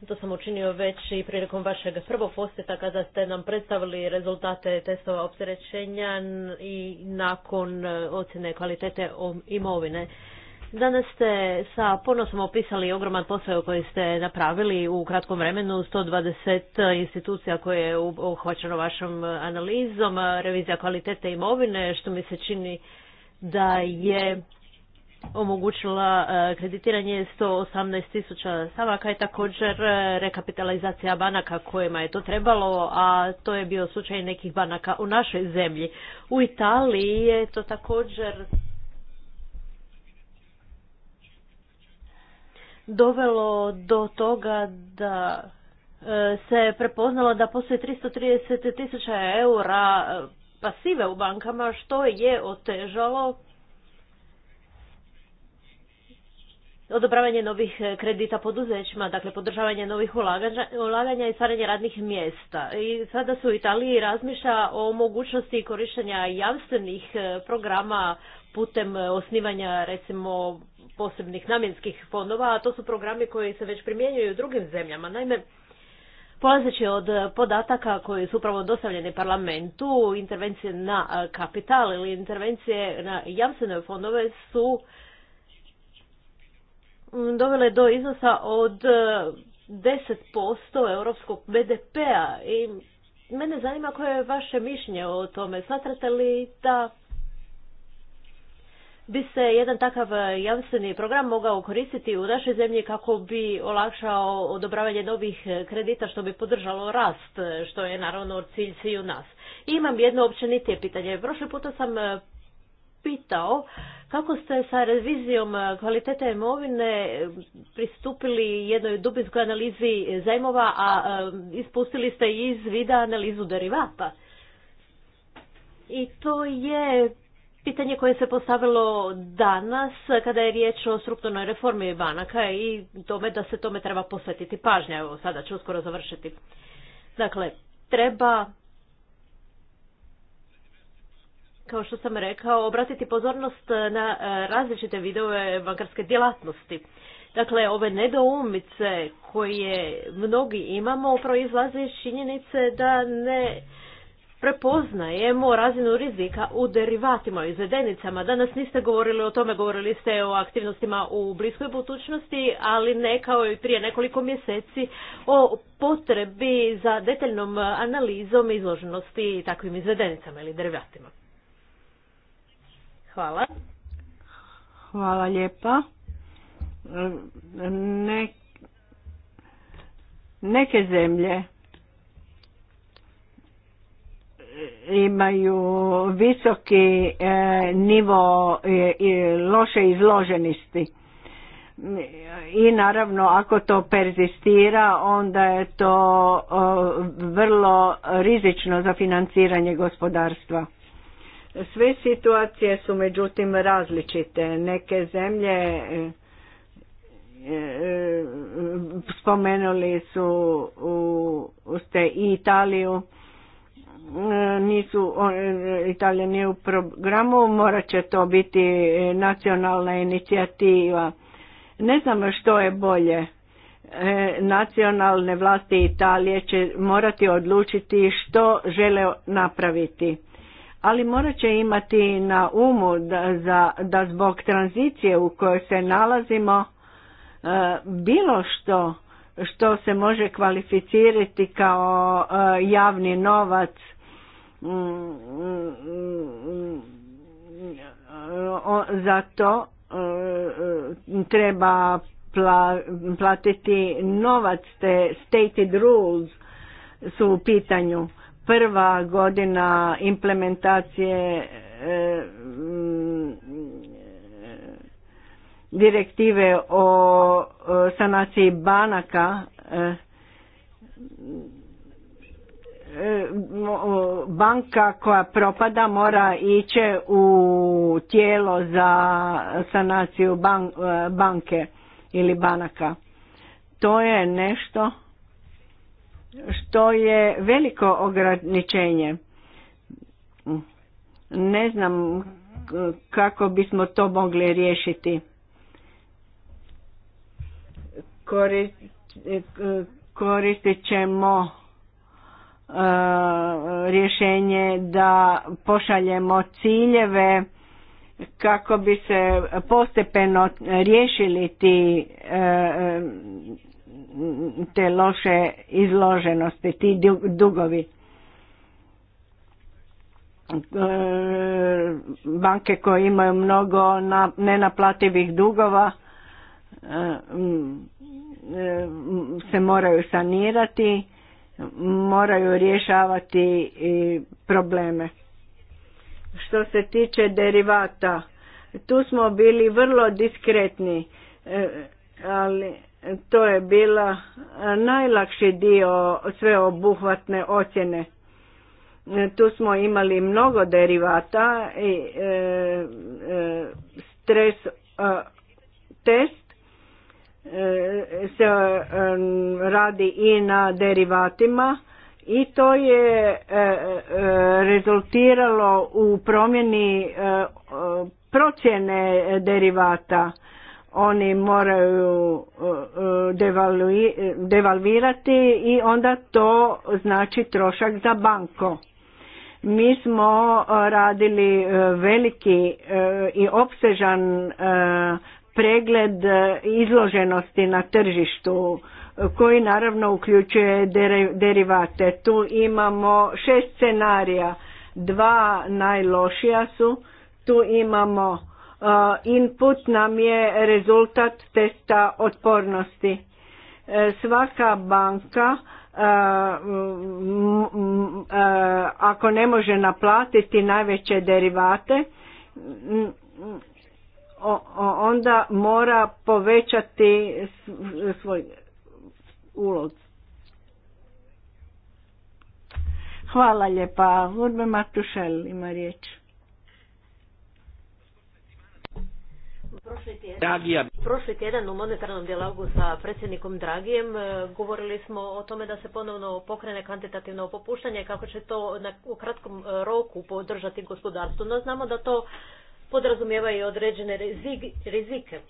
To sam učinio već i prilikom vašeg prvog posjeta kada ste nam predstavili rezultate testova opterećenja i nakon e, ocjene kvalitete imovine. Danas ste sa ponosom opisali ogroman posao koji ste napravili u kratkom vremenu, 120 institucija koje je uhvaćeno vašom analizom, revizija kvalitete imovine, što mi se čini da je omogućila e, kreditiranje 118 tisuća stavaka i također e, rekapitalizacija banaka kojima je to trebalo, a to je bio slučaj nekih banaka u našoj zemlji. U Italiji je to također dovelo do toga da e, se prepoznalo da postoje 330 tisuća eura pasive u bankama, što je otežalo odobravanje novih kredita poduzećima, dakle podržavanje novih ulaganja, i stvaranje radnih mjesta. I sada se u Italiji razmišlja o mogućnosti korištenja javstvenih e, programa putem osnivanja recimo posebnih namjenskih fondova, a to su programi koji se već primjenjuju u drugim zemljama. Naime, Polazeći od podataka koji su upravo dostavljeni parlamentu, intervencije na kapital ili intervencije na jamstvene fondove su dovele do iznosa od 10% e, europskog BDP-a i mene zanima koje je vaše mišljenje o tome. Smatrate li da bi se jedan takav e, jamstveni program mogao koristiti u našoj zemlji kako bi olakšao odobravanje novih e, kredita što bi podržalo rast, e, što je naravno cilj svi u nas. I imam jedno općenitije pitanje. Prošli puta sam pitao kako ste sa revizijom kvalitete imovine pristupili jednoj dubinskoj analizi zajmova, a ispustili ste iz vida analizu derivata. I to je pitanje koje se postavilo danas kada je riječ o strukturnoj reformi banaka i tome da se tome treba posvetiti pažnja. Evo, sada ću uskoro završiti. Dakle, treba kao što sam rekao, obratiti pozornost na različite videove bankarske djelatnosti. Dakle, ove nedoumice koje mnogi imamo proizlaze iz činjenice da ne prepoznajemo razinu rizika u derivatima i izvedenicama. Danas niste govorili o tome, govorili ste o aktivnostima u bliskoj budućnosti, ali ne kao i prije nekoliko mjeseci o potrebi za detaljnom analizom izloženosti takvim izvedenicama ili derivatima. Hvala. Hvala lijepa. E, ne, neke zemlje imaju visoki e, nivo e, loše izloženosti i naravno ako to perzistira onda je to e, vrlo rizično za financiranje gospodarstva. Sve situacije su međutim različite. Neke zemlje spomenuli su ste i Italiju nisu, e, Italija nije u programu, morat će to biti nacionalna inicijativa. Ne znam što je bolje. E, nacionalne vlasti Italije će morati odlučiti što žele napraviti. Ali morat će imati na umu da, za, da zbog tranzicije u kojoj se nalazimo e, bilo što što se može kvalificirati kao javni novac to e, e, treba platiti novac te stated rules su u pitanju prva godina implementacije e, mm, direktive o sanaciji banaka banka koja propada mora ići u tijelo za sanaciju banke ili banaka. To je nešto što je veliko ograničenje. Ne znam kako bismo to mogli riješiti. Koristit ćemo E, rješenje da pošaljemo ciljeve kako bi se postepeno riješili ti e, e, te loše izloženosti, ti dugovi. Banke koje imaju mnogo nenaplativih dugova se moraju sanirati moraju rješavati probleme. Što se tiče derivata, tu smo bili vrlo diskretni, e, ali to je bila najlakši dio sveobuhvatne ocjene. E, tu smo imali mnogo derivata i e, stres test E, se radi i na derivatima i to je e, e, rezultiralo u promjeni procjene derivata. Oni moraju devalvirati i onda to znači trošak za banko. Mi smo radili veliki i opsežan pregled e, izloženosti na tržištu koji naravno uključuje derivate. Tu imamo šest scenarija, dva najlošija su, tu imamo e, input nam je rezultat testa otpornosti. E, svaka banka ako ne može naplatiti najveće derivate onda mora povećati svoj ulog. Hvala lijepa. Urbe Matušel ima riječ. Prošli tjedan, u monetarnom dijalogu sa predsjednikom Dragijem e, govorili smo o tome da se ponovno pokrene kvantitativno popuštanje kako će to na, u kratkom e, roku podržati gospodarstvo. No znamo da to podrazumijeva i određene rizike.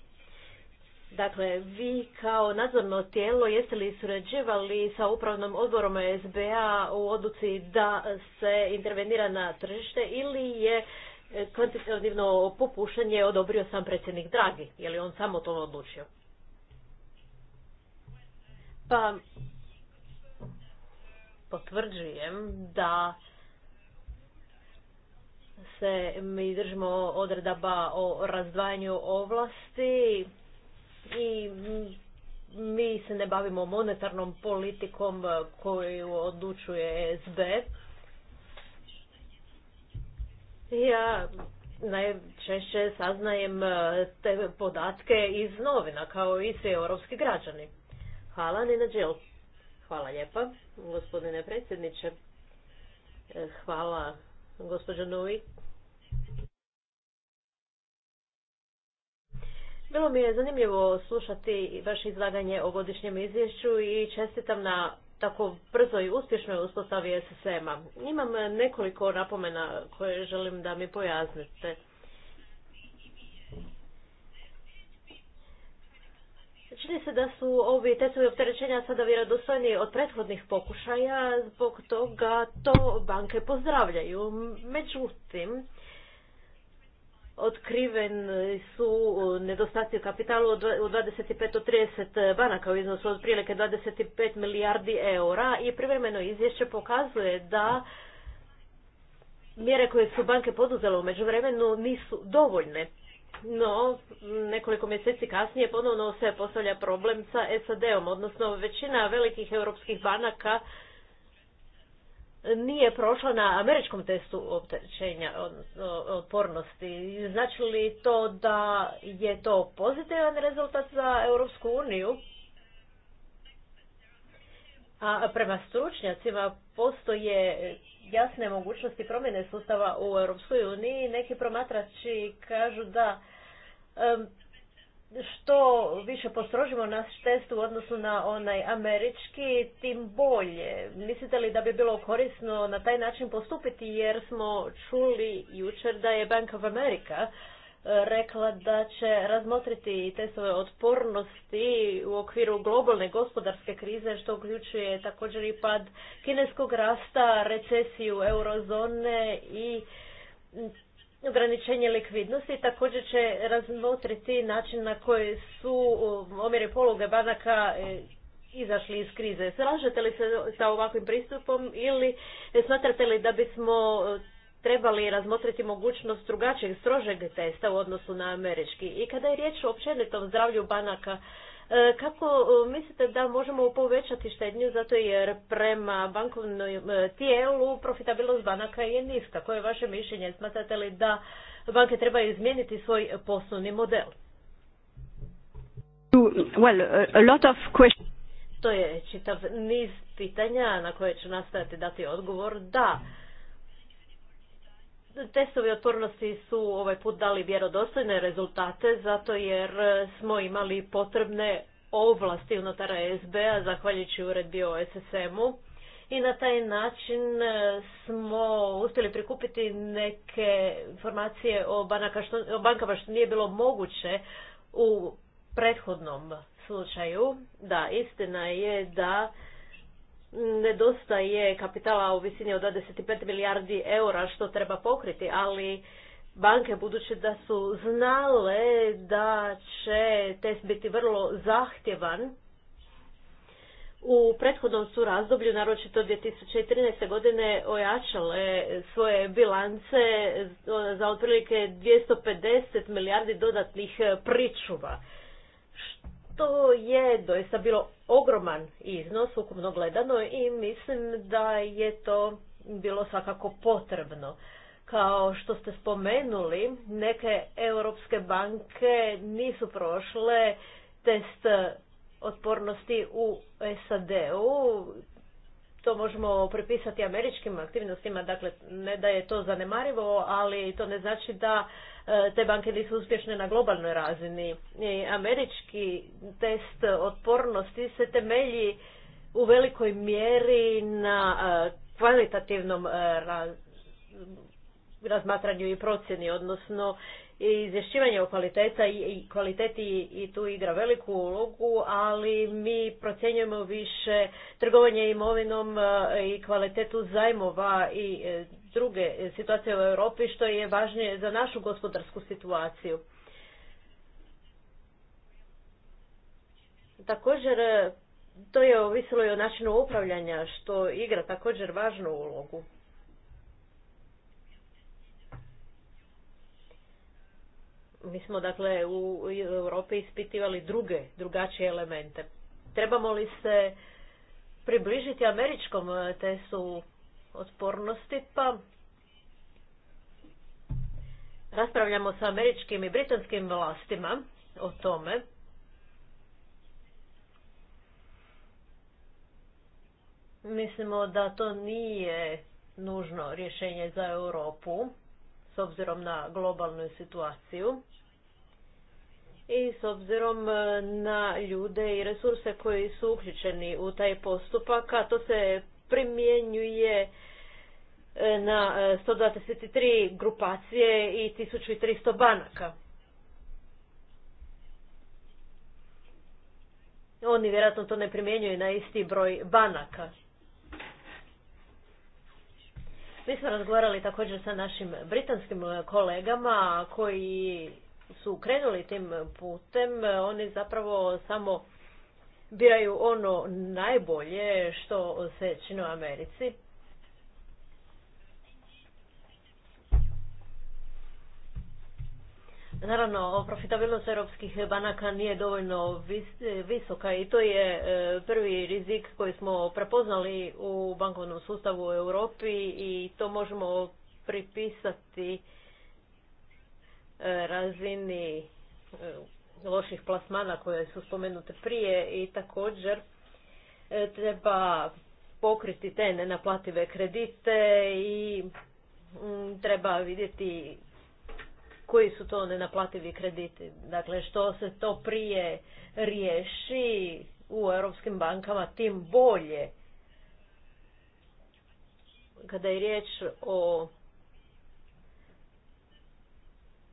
Dakle, vi kao nadzorno tijelo jeste li surađivali sa upravnom odborom SBA u odluci da se intervenira na tržište ili je e, kvantitativno popušanje odobrio sam predsjednik Dragi? Je li on samo to odlučio? Pa, potvrđujem da se mi držimo odredaba o razdvajanju ovlasti i mi se ne bavimo monetarnom politikom koju odlučuje SB. Ja najčešće saznajem te podatke iz novina, kao i svi europski građani. Hvala, Nina Jill. Hvala lijepa, gospodine predsjedniče. Hvala novi Bilo mi je zanimljivo slušati vaše izlaganje o godišnjem izvješću i čestitam na tako brzo i uspješnoj uspostavi SSM-a. Imam nekoliko napomena koje želim da mi pojasnite. Čini se da su ovi testovi opterećenja sada vjerodostojniji od prethodnih pokušaja, zbog toga to banke pozdravljaju. Međutim, otkriven su nedostaci u kapitalu od 25 do 30 banaka u iznosu od prilike 25 milijardi eura i privremeno izvješće pokazuje da mjere koje su banke poduzele u međuvremenu nisu dovoljne. No, nekoliko mjeseci kasnije ponovno se postavlja problem sa SAD-om, odnosno većina velikih europskih banaka nije prošla na američkom testu opterećenja otpornosti. Znači li to da je to pozitivan rezultat za Europsku uniju? A prema stručnjacima postoje jasne mogućnosti promjene sustava u Europskoj uniji. Neki promatrači kažu da što više postrožimo naš test u odnosu na onaj američki, tim bolje. Mislite li da bi bilo korisno na taj način postupiti jer smo čuli jučer da je Bank of America rekla da će razmotriti testove otpornosti u okviru globalne gospodarske krize, što uključuje također i pad kineskog rasta, recesiju eurozone i ograničenje likvidnosti. Također će razmotriti način na koji su omjere poluge banaka e, izašli iz krize. Slažete li se sa ovakvim pristupom ili smatrate li da bismo trebali razmotriti mogućnost drugačijeg, strožeg testa u odnosu na američki. I kada je riječ o općenitom zdravlju banaka, e, kako e, mislite da možemo povećati štednju zato jer prema bankovnom e, tijelu profitabilnost banaka je niska? Koje je vaše mišljenje? Smatrate li da banke trebaju izmijeniti svoj poslovni model? Well, a lot of To je čitav niz pitanja na koje ću nastaviti dati odgovor. Da, testovi otpornosti su ovaj put dali vjerodostojne rezultate zato jer smo imali potrebne ovlasti unutar SB-a zahvaljujući uredbi o SSM-u i na taj način e, smo uspjeli prikupiti neke informacije o, što, o bankama što nije bilo moguće u prethodnom slučaju. Da, istina je da nedostaje kapitala u visini od 25 milijardi eura što treba pokriti, ali banke budući da su znale da će test biti vrlo zahtjevan, u prethodnom su razdoblju, naročito 2013. godine, ojačale svoje bilance za otprilike 250 milijardi dodatnih pričuva. To je doista bilo ogroman iznos ukupno gledano i mislim da je to bilo svakako potrebno. Kao što ste spomenuli, neke europske banke nisu prošle test otpornosti u SAD-u. To možemo prepisati američkim aktivnostima, dakle ne da je to zanemarivo, ali to ne znači da E, te banke nisu uspješne na globalnoj razini. E, američki test otpornosti se temelji u velikoj mjeri na e, kvalitativnom razmatranju i procjeni, odnosno izvješćivanje o kvaliteta i kvaliteti i tu igra veliku ulogu, ali mi procjenjujemo više trgovanje imovinom i kvalitetu zajmova i druge situacije u Europi što je važnije za našu gospodarsku situaciju. Također to je ovisilo i o načinu upravljanja što igra također važnu ulogu. Mi smo dakle u Europi ispitivali druge, drugačije elemente. Trebamo li se približiti američkom testu otpornosti, pa raspravljamo sa američkim i britanskim vlastima o tome. Mislimo da to nije nužno rješenje za Europu s obzirom na globalnu situaciju i s obzirom na ljude i resurse koji su uključeni u taj postupak, a to se primjenjuje e, na 123 e, grupacije i 1300 banaka. Oni vjerojatno to ne primjenjuju na isti broj banaka. Mi smo razgovarali također sa našim britanskim e, kolegama koji su krenuli tim putem. Oni zapravo samo biraju ono najbolje što se čini u Americi. Naravno, profitabilnost europskih banaka nije dovoljno visoka i to je e, prvi rizik koji smo prepoznali u bankovnom sustavu u Europi i to možemo pripisati e, razini e, loših plasmana koje su spomenute prije i također e, treba pokriti te nenaplative kredite i mm, treba vidjeti koji su to nenaplativi krediti. Dakle, što se to prije riješi u europskim bankama, tim bolje. Kada je riječ o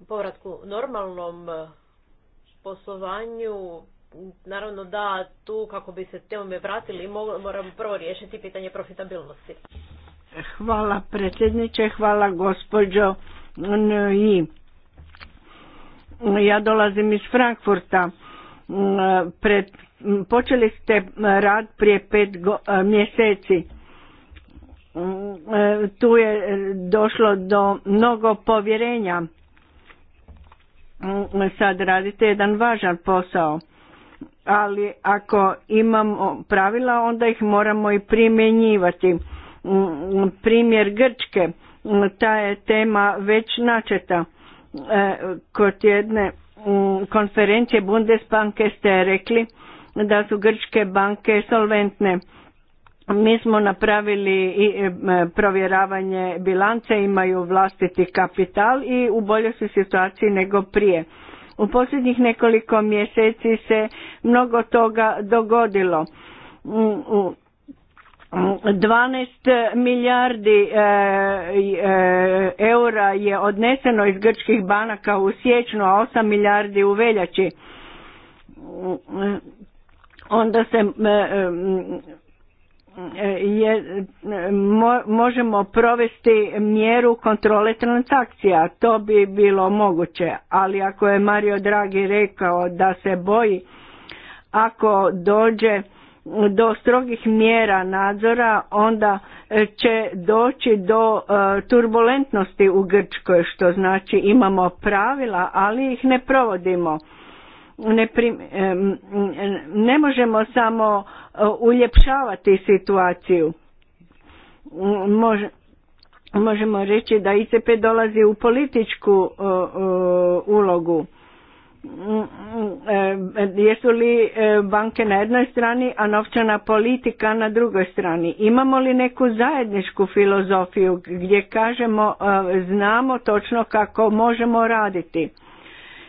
povratku normalnom poslovanju, naravno da tu kako bi se teme vratili moramo prvo riješiti pitanje profitabilnosti. Hvala predsjedniče, hvala gospođo i ja dolazim iz Frankfurta. Pred, počeli ste rad prije pet mjeseci. E, tu je došlo do mnogo povjerenja Mm, sad radite jedan važan posao ali ako imamo pravila onda ih moramo i primjenjivati mm, primjer grčke mm, ta je tema već načeta e, kod jedne konferencije Bundesbanke ste rekli da su grčke banke solventne mi smo napravili i e, provjeravanje bilance, imaju vlastiti kapital i u boljoj su situaciji nego prije. U posljednjih nekoliko mjeseci se mnogo toga dogodilo. 12 mm, milijardi e, e, eura je odneseno iz grčkih banaka u siječnu, a 8 milijardi u veljači. Mm, mm, onda se E, je, mo, možemo provesti mjeru kontrole transakcija. To bi bilo moguće, ali ako je Mario Draghi rekao da se boji ako dođe do strogih mjera nadzora, onda će doći do e, turbulentnosti u Grčkoj, što znači imamo pravila, ali ih ne provodimo ne, ne možemo samo e, uljepšavati situaciju. možemo reći da ICP dolazi u političku e, e, ulogu. Mm, jesu li banke na jednoj strani, a novčana politika na drugoj strani? Imamo li neku zajedničku filozofiju gdje kažemo znamo točno kako možemo raditi?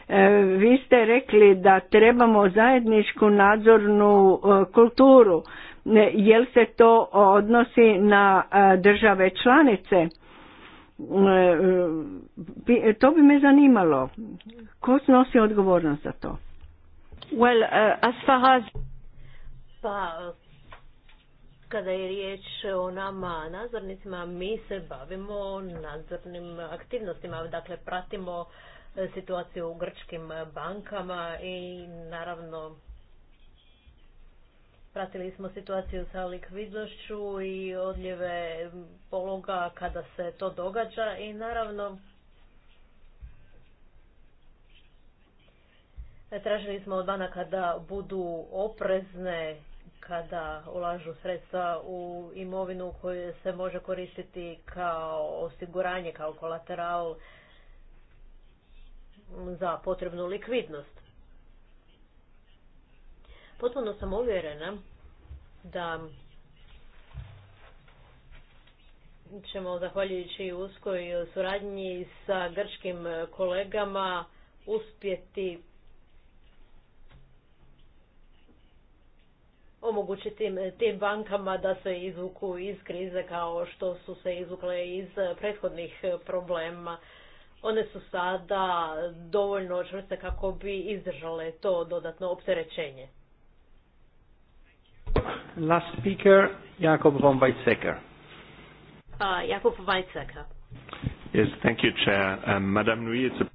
E, vi ste rekli da trebamo zajedničku nadzornu e, kulturu. E, jel se to odnosi na države članice? To bi me zanimalo. Ko snosi odgovornost za to? Well, as far as... Pa, kada je riječ o nama nadzornicima, mi se bavimo nadzornim aktivnostima, dakle pratimo situaciju u grčkim bankama i naravno pratili smo situaciju sa likvidnošću i odljeve pologa kada se to događa i naravno tražili smo od banaka da budu oprezne kada ulažu sredstva u imovinu koju se može koristiti kao osiguranje, kao kolateral za potrebnu likvidnost. Potpuno sam uvjerena da ćemo zahvaljujući uskoj suradnji sa grčkim kolegama uspjeti omogućiti tim bankama da se izvuku iz krize kao što su se izvukle iz prethodnih problema one su sada dovoljno čvrste kako bi izdržale to dodatno opterećenje. Last speaker, Jakob von Weizsäcker. Uh, Jakob Weizsäcker. Yes, thank you, Chair. Um, Madam Nui, it's a...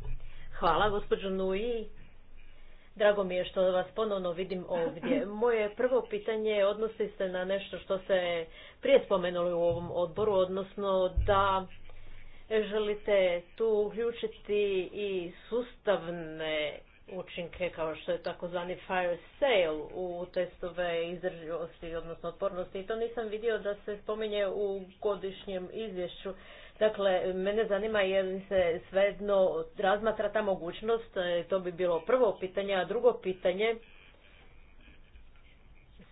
Hvala, gospođo Nui. Drago mi je što vas ponovno vidim ovdje. Moje prvo pitanje odnosi se na nešto što se prije spomenuli u ovom odboru, odnosno da Želite tu uključiti i sustavne učinke kao što je takozvani fire sale u testove izdržljivosti, odnosno otpornosti. I to nisam vidio da se spominje u godišnjem izvješću. Dakle, mene zanima je li se svedno razmatra ta mogućnost, e, to bi bilo prvo pitanje, a drugo pitanje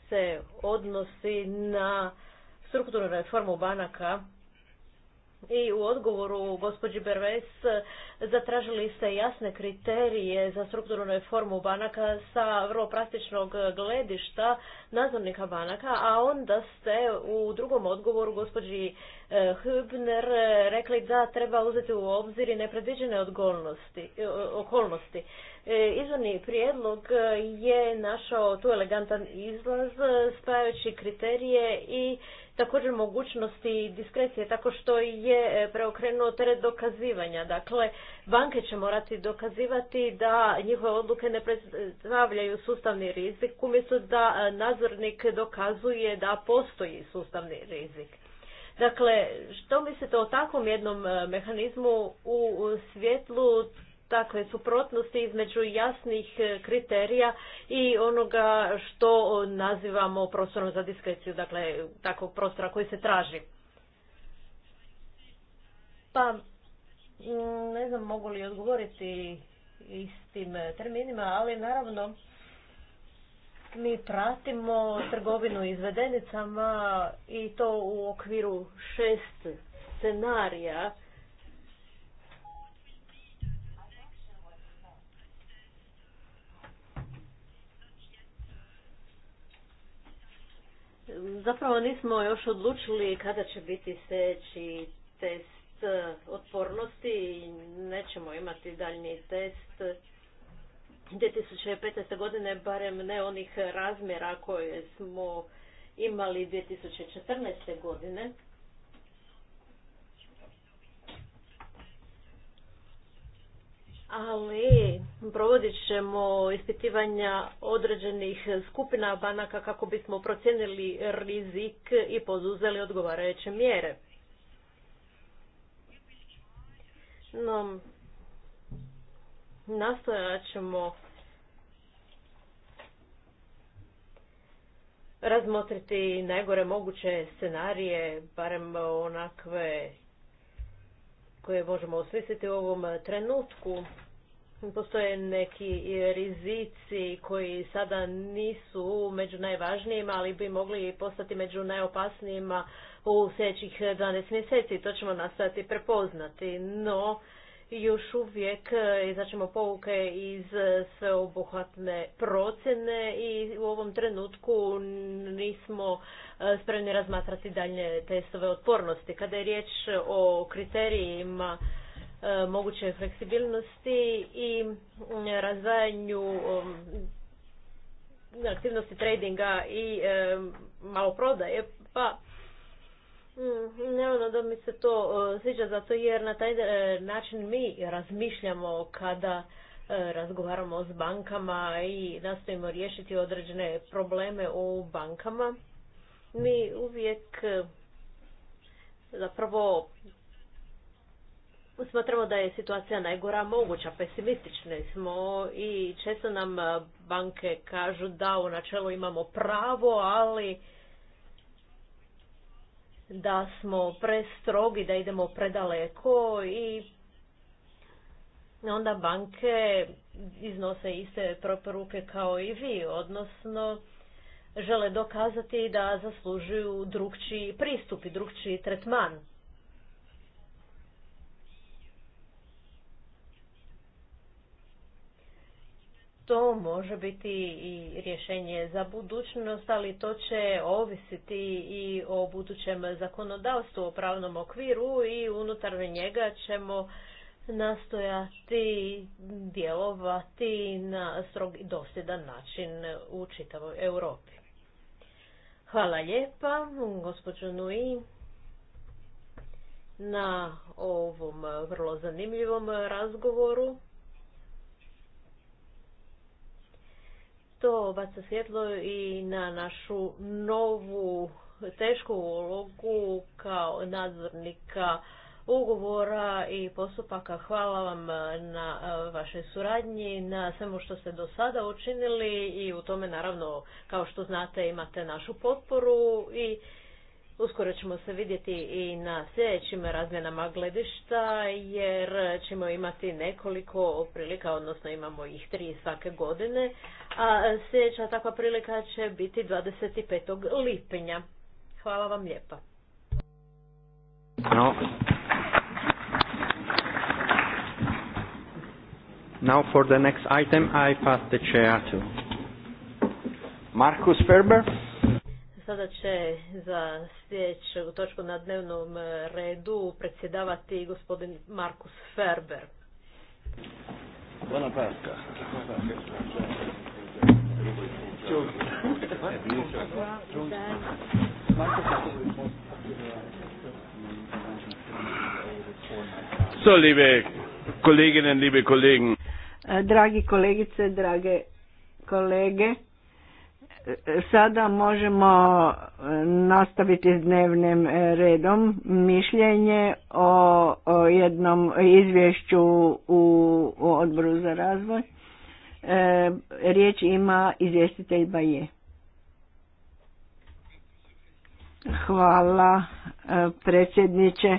se odnosi na strukturnu reformu banaka i u odgovoru gospođi Berves e, zatražili ste jasne kriterije za strukturnu reformu banaka sa vrlo praktičnog gledišta nadzornika banaka, a onda ste u drugom odgovoru gospođi E, Hübner e, rekli da treba uzeti u obzir i nepredviđene e, okolnosti. Izvorni prijedlog je našao tu elegantan izlaz spajajući kriterije i također mogućnosti diskrecije tako što je preokrenuo teret dokazivanja. Dakle, banke će morati dokazivati da njihove odluke ne predstavljaju sustavni rizik umjesto da nadzornik dokazuje da postoji sustavni rizik. Dakle, što mislite o takvom jednom e, mehanizmu u svjetlu takve suprotnosti između jasnih e, kriterija i onoga što nazivamo prostorom za diskreciju, dakle takvog prostora koji se traži? Pa, mm, ne znam mogu li odgovoriti istim terminima, ali naravno mi pratimo trgovinu izvedenicama i to u okviru šest scenarija. Zapravo nismo još odlučili kada će biti sljedeći test eh, otpornosti i nećemo imati daljnji test 2015. godine, barem ne onih razmjera koje smo imali 2014. godine. Ali provodit ćemo ispitivanja određenih skupina banaka kako bismo procijenili rizik i poduzeli odgovarajuće mjere. No, Nastojat ćemo razmotriti najgore moguće scenarije, barem onakve koje možemo osmisliti u ovom trenutku. Postoje neki rizici koji sada nisu među najvažnijima, ali bi mogli postati među najopasnijima u sljedećih 12 mjeseci. To ćemo nastojati prepoznati, no još uvijek e, izaćemo pouke iz sveobuhvatne procjene i u ovom trenutku nismo e, spremni razmatrati dalje testove otpornosti. Kada je riječ o kriterijima e, moguće fleksibilnosti i mm, razvajanju aktivnosti tradinga i maloprodaje, pa Mm, ne ono da mi se to e, sviđa zato jer na taj e, način mi razmišljamo kada e, razgovaramo s bankama i nastojimo riješiti određene probleme u bankama. Mi uvijek zapravo smatramo da je situacija najgora moguća, pesimistične smo i često nam banke kažu da u načelu imamo pravo, ali da smo prestrogi, da idemo predaleko i onda banke iznose iste proporuke kao i vi, odnosno žele dokazati da zaslužuju drugčiji pristup i drugčiji tretman. to može biti i rješenje za budućnost, ali to će ovisiti i o budućem zakonodavstvu, o pravnom okviru i unutar njega ćemo nastojati djelovati na strog i dosljedan način u čitavoj Europi. Hvala lijepa, gospođo Nui, na ovom vrlo zanimljivom razgovoru. to baca svjetlo i na našu novu tešku ulogu kao nadzornika ugovora i postupaka. Hvala vam na e, vašoj suradnji, na svemu što ste do sada učinili i u tome naravno, kao što znate, imate našu potporu i Uskoro ćemo se vidjeti i na sljedećim razmjenama gledišta jer ćemo imati nekoliko prilika, odnosno imamo ih tri svake godine, a sljedeća takva prilika će biti 25. lipnja. Hvala vam lijepa. Now for the next item I pass the chair to Markus Ferber. Sada će za sljedeću točku na dnevnom e, redu predsjedavati gospodin Markus Ferber. So, liebe Kolleginnen, liebe Kollegen. Dragi kolegice, drage kolege Sada možemo e, nastaviti s dnevnim redom mišljenje o, jednom izvješću u, odboru za razvoj. E, riječ ima izvjestitelj Baje. Hvala e, predsjedniče.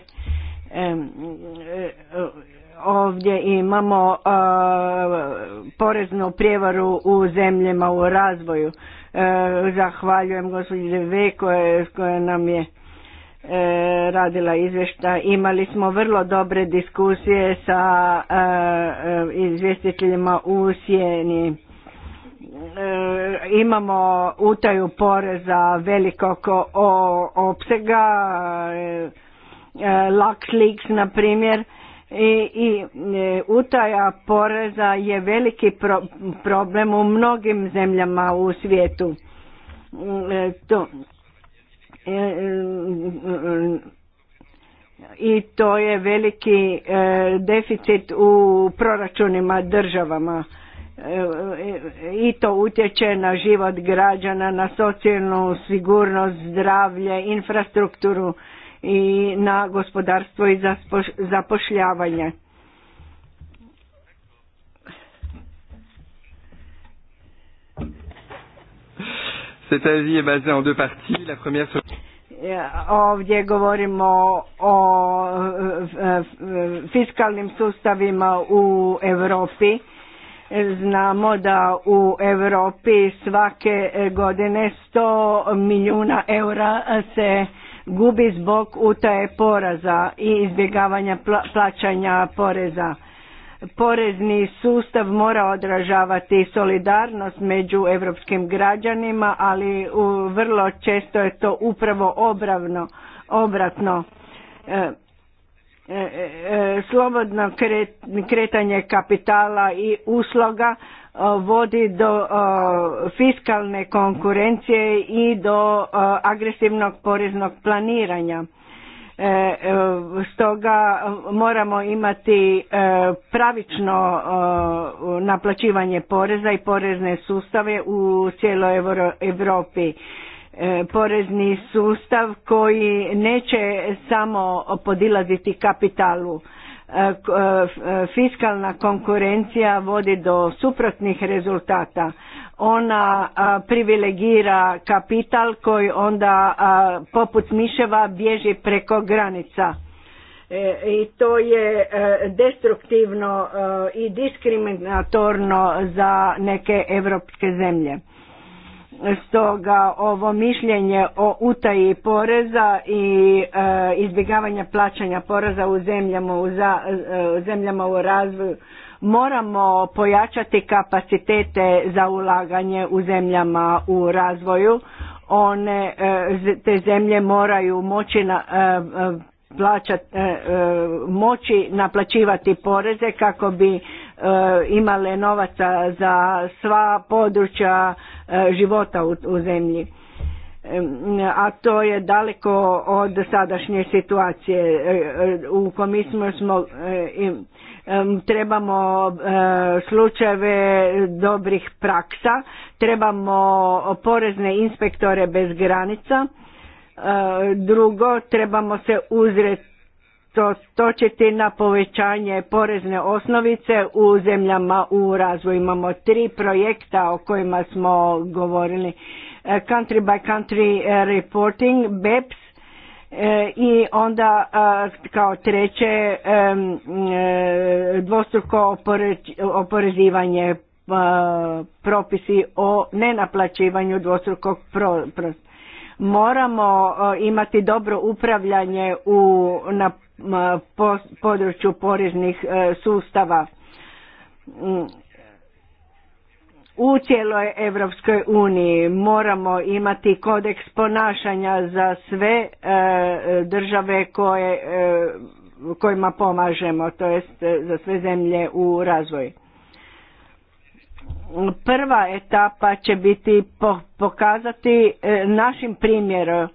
ovdje imamo poreznu prijevaru u zemljama u razvoju E, zahvaljujem gospođe V koja nam je e, radila izvješta. Imali smo vrlo dobre diskusije sa e, izvjestiteljima u Sjeni. Imamo utaju poreza velikog opsega, Lux Leaks na primjer, i, i e, utaja poreza je veliki pro, problem u mnogim zemljama u svijetu. Mm, e, to, e, i to je veliki deficit u proračunima državama i to utječe na život građana, na socijalnu sigurnost, zdravlje, infrastrukturu i na gospodarstvo i zapošljavanje. Cet avis est en deux parties. La première sur... Ovdje govorimo o e, e, fiskalnim sustavima u Europi. Znamo da u Europi svake godine 100 milijuna eura se gubi zbog utaje poraza i izbjegavanja plaćanja poreza. Porezni sustav mora odražavati solidarnost među europskim građanima, ali vrlo često je to upravo obravno, obratno. E, e, e, slobodno kretanje kapitala i usloga vodi do fiskalne konkurencije i do agresivnog poreznog planiranja. E, e, stoga moramo imati e, pravično naplaćivanje poreza i porezne sustave u cijeloj Europi. Porezni sustav koji neće samo podilaziti kapitalu fiskalna konkurencija vodi do suprotnih rezultata. Ona privilegira kapital koji onda poput miševa bježi preko granica. E, I to je e, destruktivno e, i diskriminatorno za neke evropske zemlje. Stoga ovo mišljenje o utaji poreza i e, izbjegavanja plaćanja poreza u zemljama e, u, zemljama u razvoju moramo pojačati kapacitete za ulaganje u zemljama u razvoju. One e, te zemlje moraju moći na, plaćat, moći naplaćivati poreze kako bi imale novaca za sva područja života u, zemlji a to je daleko od sadašnje situacije e, e, u komisiji smo e, trebamo slučajeve dobrih praksa trebamo porezne inspektore bez granica drugo trebamo se uzreti stočiti na povećanje porezne osnovice u zemljama u razvoju. Imamo tri projekta o kojima smo govorili. E, country by country e, reporting, BEPS, e, i onda kao treće dvostruko oporezivanje propisi o nenaplaćivanju dvostrukog propisa. moramo imati dobro upravljanje u, na području poreznih e, sustava mm. u cijeloj Europskoj uniji moramo imati kodeks ponašanja za sve e, države koje, e, kojima pomažemo, to jest za sve zemlje u razvoju. Prva etapa će biti pokazati našim primjerom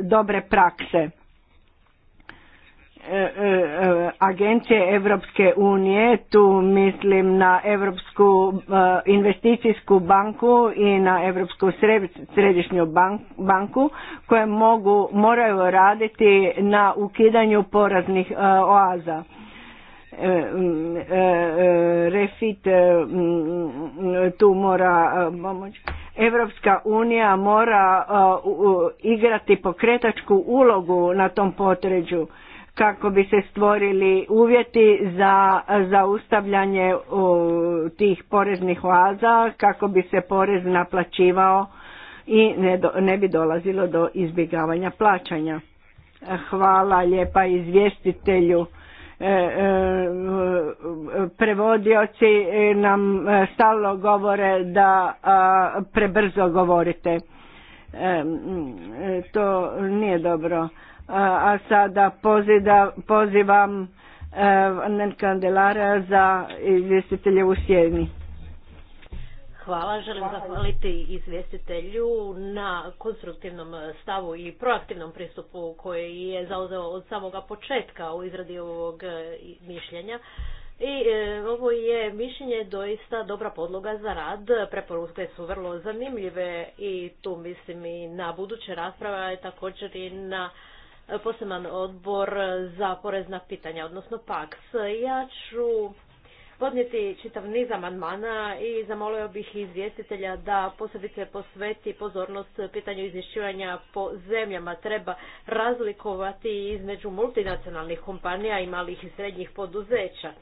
dobre prakse E, e, e, agencije Europske unije, tu mislim na Europsku investicijsku banku i na Europsku središnju banku koje mogu, moraju raditi na ukidanju poraznih oaza. Refit tu mora pomoći. Evropska unija mora igrati pokretačku ulogu na tom potređu kako bi se stvorili uvjeti za zaustavljanje tih poreznih oaza, kako bi se porez naplaćivao i ne bi dolazilo do izbjegavanja plaćanja. Hvala lijepa izvjestitelju. E, e, prevodioci nam stalno govore da prebrzo govorite. E, to nije dobro a sada pozivam e, Nen Kandelara za izvjestitelje u sjedni. Hvala, želim zahvaliti izvjestitelju na konstruktivnom stavu i proaktivnom pristupu koji je zauzeo od samoga početka u izradi ovog e, mišljenja. I e, ovo je mišljenje doista dobra podloga za rad, preporuke su vrlo zanimljive i tu mislim i na buduće rasprave, također i na poseban odbor za porezna pitanja, odnosno PAKS. Ja ću podnijeti čitav niz amandmana i zamolio bih izvjestitelja da posebice posveti pozornost pitanju izvješćivanja po zemljama. Treba razlikovati između multinacionalnih kompanija i malih i srednjih poduzeća.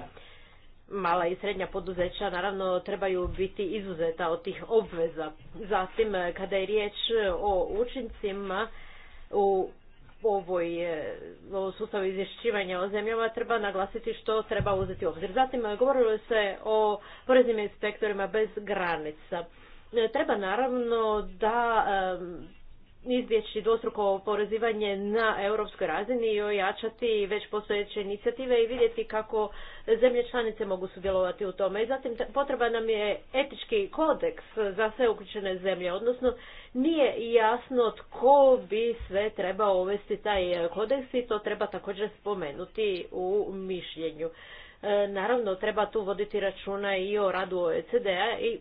Mala i srednja poduzeća naravno trebaju biti izuzeta od tih obveza. Zatim, kada je riječ o učincima u ovoj e, sustav izvješćivanja o zemljama treba naglasiti što treba uzeti u obzir. Zatim e, govorilo se o poreznim inspektorima bez granica. E, treba naravno da izbjeći dvostruko oporezivanje na europskoj razini i ojačati već postojeće inicijative i vidjeti kako zemlje članice mogu sudjelovati u tome. I zatim potreba nam je etički kodeks za sve uključene zemlje, odnosno nije jasno tko bi sve trebao uvesti taj kodeks i to treba također spomenuti u mišljenju. E, naravno, treba tu voditi računa i o radu OECD-a i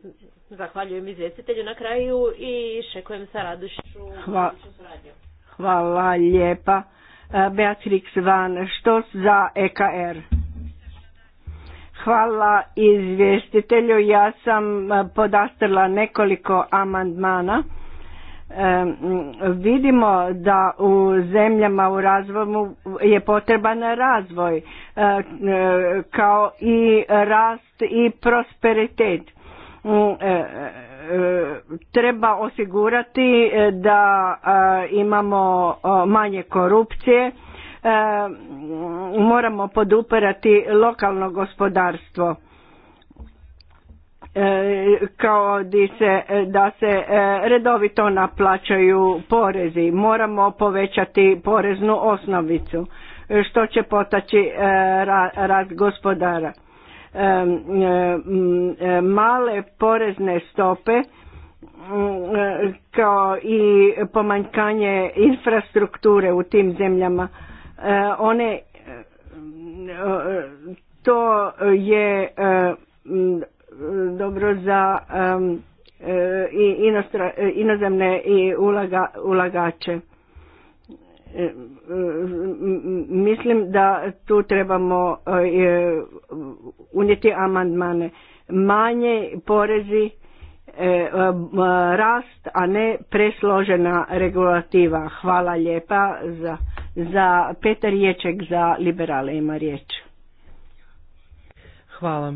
zahvaljujem izvjestitelju na kraju i šekujem sa radušću. Hvala, hvala lijepa. E, Beatrix Van što za EKR. Hvala izvjestitelju. Ja sam e, podastrla nekoliko amandmana vidimo da u zemljama u razvoju je potreban razvoj e, kao i rast i prosperitet. Mm, e, e, treba osigurati da imamo manje korupcije, moramo podupirati lokalno gospodarstvo E, kao se, e, da se e, redovito naplaćaju porezi. Moramo povećati poreznu osnovicu što će potaći rad gospodara. Male porezne stope kao i pomanjkanje infrastrukture u tim zemljama one to je dobro za e, i e, inozemne i ulaga, ulagače. E, mislim da tu trebamo unijeti amandmane. Manje porezi, rast, a ne presložena regulativa. Hvala lijepa za, za Petar Ječek za liberale ima riječ. Hvala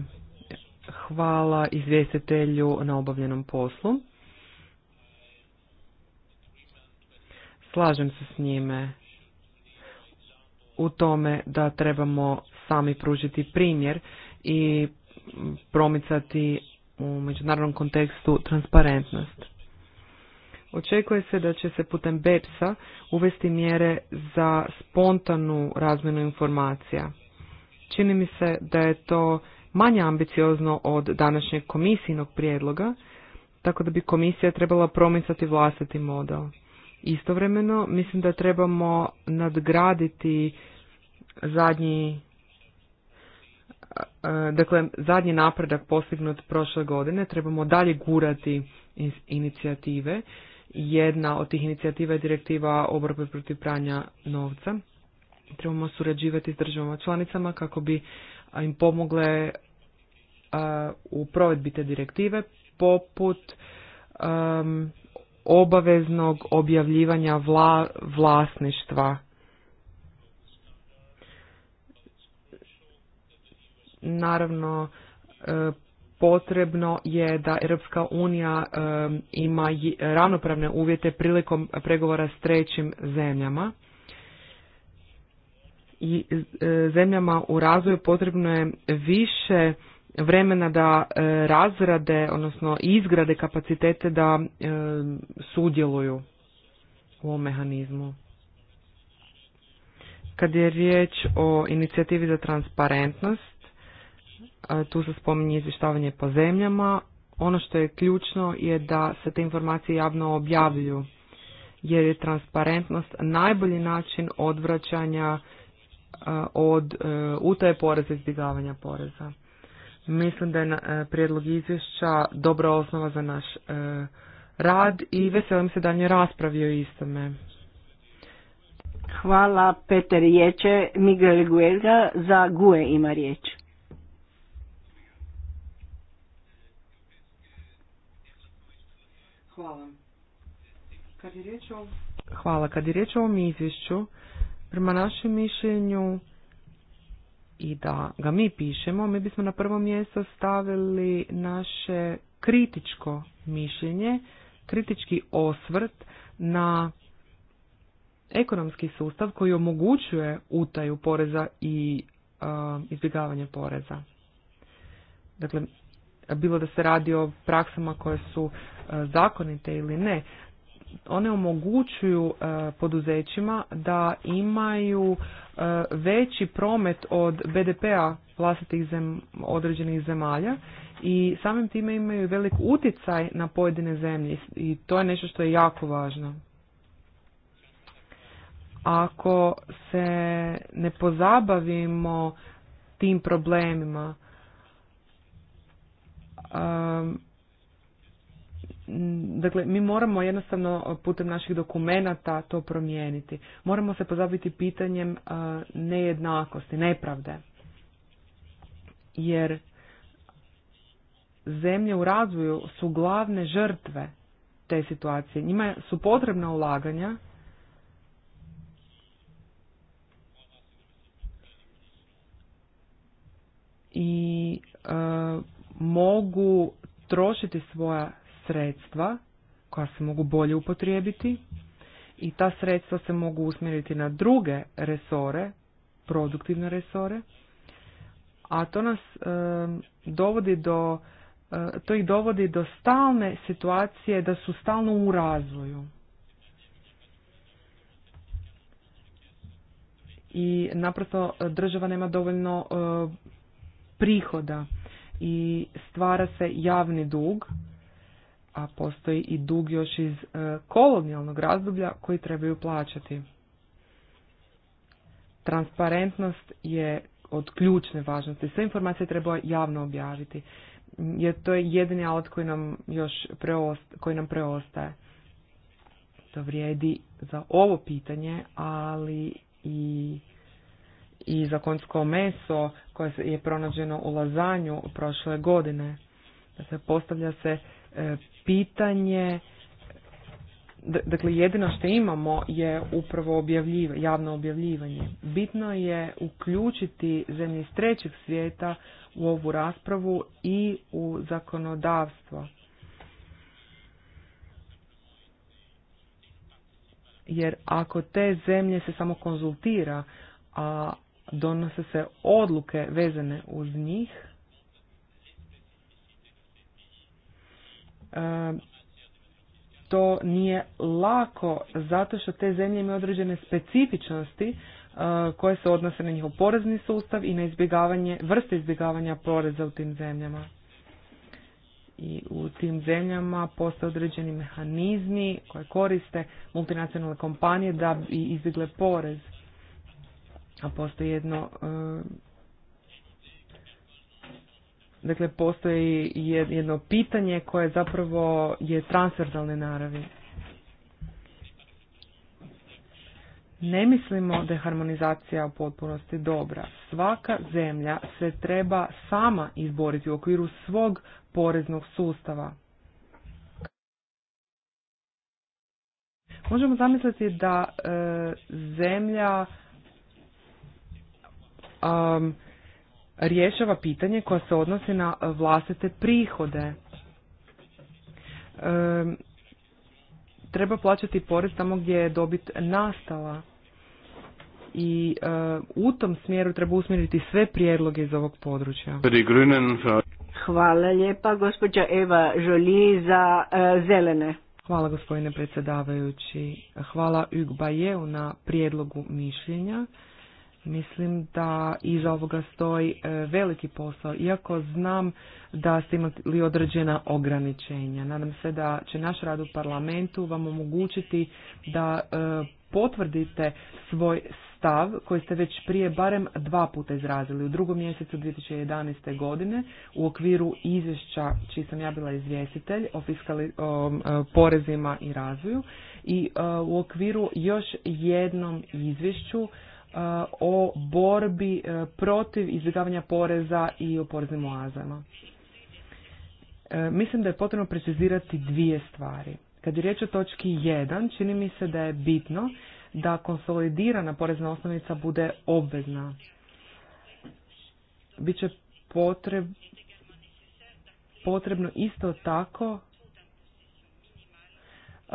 hvala izvjestitelju na obavljenom poslu. Slažem se s njime u tome da trebamo sami pružiti primjer i promicati u međunarodnom kontekstu transparentnost. Očekuje se da će se putem BEPS-a uvesti mjere za spontanu razmjenu informacija. Čini mi se da je to manje ambiciozno od današnjeg komisijnog prijedloga, tako da bi komisija trebala promicati vlastiti model. Istovremeno, mislim da trebamo nadgraditi zadnji eh, dakle, zadnji napredak postignut prošle godine, trebamo dalje gurati inicijative. Jedna od tih inicijativa je direktiva o borbi protiv pranja novca. Trebamo surađivati s državama članicama kako bi im pomogle e, u provedbi te direktive poput obaveznog objavljivanja vla, vlasništva. Naravno, e, potrebno je da Europska unija ima ravnopravne uvjete prilikom pregovora s trećim zemljama i e, zemljama u razvoju potrebno je više vremena da e, razrade, odnosno izgrade kapacitete da e, sudjeluju u ovom mehanizmu. Kad je riječ o inicijativi za transparentnost, tu se spominje izvještavanje po zemljama. Ono što je ključno je da se te informacije javno objavljuju, jer je transparentnost najbolji način odvraćanja od e, utaje poreza i izbjegavanja poreza. Mislim da je e, prijedlog izvješća dobra osnova za naš e, rad i veselim se daljnjoj raspravi o istome. Hvala Peter Ječe, Miguel Guelga, za GUE ima riječ. Hvala. Kad je Hvala. Kad je riječ o ovom izvješću, Prema našem mišljenju i da ga mi pišemo, mi bismo na prvo mjesto stavili naše kritičko mišljenje, kritički osvrt na ekonomski sustav koji omogućuje utaju poreza i um, izbjegavanje poreza. Dakle, bilo da se radi o praksama koje su uh, zakonite ili ne, one omogućuju e, poduzećima da imaju e, veći promet od BDP-a vlastitih zem, određenih zemalja i samim time imaju velik utjecaj na pojedine zemlje i to je nešto što je jako važno. Ako se ne pozabavimo tim problemima, e, Mm, dakle, mi moramo jednostavno putem naših dokumenata to promijeniti. Moramo se pozabiti pitanjem e, nejednakosti, nepravde. Jer zemlje u razvoju su glavne žrtve te situacije. Njima su potrebna ulaganja i e, mogu trošiti svoja sredstva koja se mogu bolje upotrijebiti i ta sredstva se mogu usmjeriti na druge resore, produktivne resore, a to nas dovodi do, eh, to ih dovodi do stalne situacije da su stalno u razvoju. I naprosto eh, država nema dovoljno eh, prihoda i stvara se javni dug a postoji i dug još iz e, kolonijalnog razdoblja koji trebaju plaćati. Transparentnost je od ključne važnosti. Sve informacije treba javno objaviti. Jer to je jedini alat koji nam još preostaje, koji nam preostaje. To vrijedi za ovo pitanje, ali i i za konjsko meso koje je pronađeno u lazanju prošle godine. Dakle, postavlja se E, pitanje dakle jedino što imamo je upravo objavljiva, javno objavljivanje. Bitno je uključiti zemlje iz trećeg svijeta u ovu raspravu i u zakonodavstvo. Jer ako te zemlje se samo konzultira, a donose se odluke vezane uz njih, to nije lako zato što te zemlje imaju određene specifičnosti e, koje se odnose na njihov porezni sustav i na izbjegavanje, vrste izbjegavanja poreza u tim zemljama. I u tim zemljama postoje određeni mehanizmi koje koriste multinacionalne kompanije da bi izbjegle porez. A postoji jedno e, Dakle, postoji jedno pitanje koje zapravo je transverzalne naravi. Ne mislimo da je harmonizacija u potpunosti dobra. Svaka zemlja se treba sama izboriti u okviru svog poreznog sustava. Možemo zamisliti da e, zemlja um, rješava pitanje koja se odnosi na vlastite prihode. treba plaćati porez tamo gdje je dobit nastala i u tom smjeru treba usmjeriti sve prijedloge iz ovog područja. Hvala lijepa gospođa Eva Žoli za e, zelene. Hvala gospodine predsjedavajući. Hvala Ugbajevu na prijedlogu mišljenja. Mislim da iza ovoga stoji e, veliki posao, iako znam da ste imali određena ograničenja. Nadam se da će naš rad u parlamentu vam omogućiti da e, potvrdite svoj stav koji ste već prije barem dva puta izrazili u drugom mjesecu 2011. godine u okviru izvješća čiji sam ja bila izvjestitelj o, e, porezima i razvoju i u okviru još jednom izvješću o borbi e, protiv izbjegavanja poreza i o poreznim oazama. E, mislim da je potrebno precizirati dvije stvari. Kad je riječ o točki 1, čini mi se da je bitno da konsolidirana porezna osnovica bude obvezna. Biće potreb, potrebno isto tako E,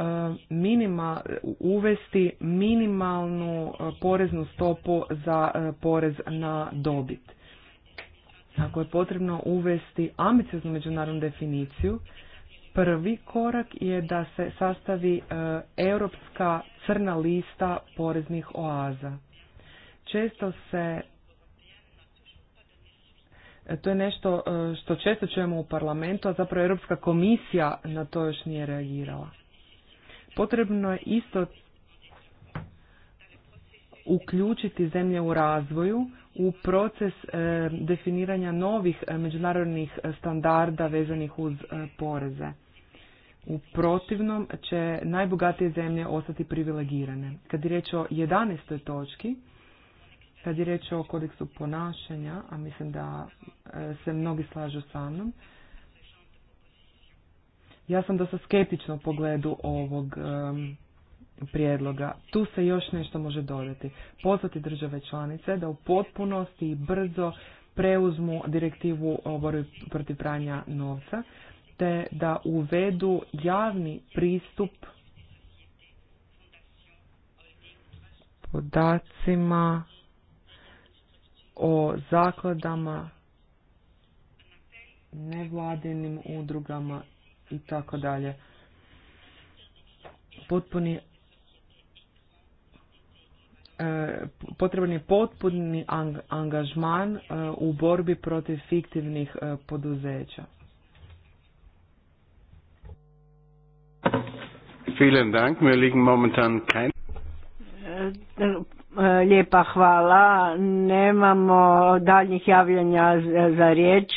minima, uvesti minimalnu e, poreznu stopu za e, porez na dobit. Ako je potrebno uvesti ambicioznu međunarodnu definiciju, prvi korak je da se sastavi europska crna lista poreznih oaza. Često se to je nešto što često čujemo u parlamentu, a zapravo Europska komisija na to još nije reagirala. Potrebno je isto uključiti zemlje u razvoju u proces e, definiranja novih e, međunarodnih standarda vezanih uz e, poreze. U protivnom će najbogatije zemlje ostati privilegirane. Kad je reč o 11. točki, kad je reč o kodeksu ponašanja, a mislim da se mnogi slažu sa mnom, ja sam dosta skeptična u pogledu ovog prijedloga. Tu se još nešto može dodati. Pozvati države članice da u potpunosti i brzo preuzmu direktivu o borbi protiv pranja novca, te da uvedu javni pristup podacima o zakladama, nevladinim udrugama i tako dalje. Potpuni e, potreban je potpuni angažman e, u borbi protiv fiktivnih e, poduzeća. Vielen Lijepa hvala, nemamo daljnjih javljanja za riječ.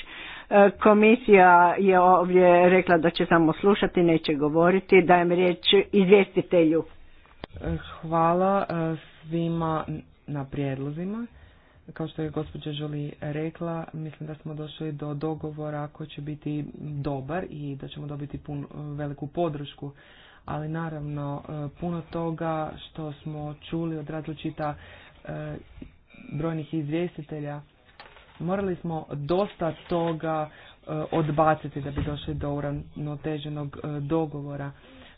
Komisija je ovdje rekla da će samo slušati, neće govoriti. Dajem riječ izvjestitelju. Hvala e, svima na prijedlozima. Kao što je gospođa Žoli rekla, mislim da smo došli do dogovora koji će biti dobar i da ćemo dobiti pun, veliku podršku. Ali naravno, e, puno toga što smo čuli od različita e, brojnih izvjestitelja Morali smo dosta toga e, odbaciti da bi došli do uravnoteženog e, dogovora.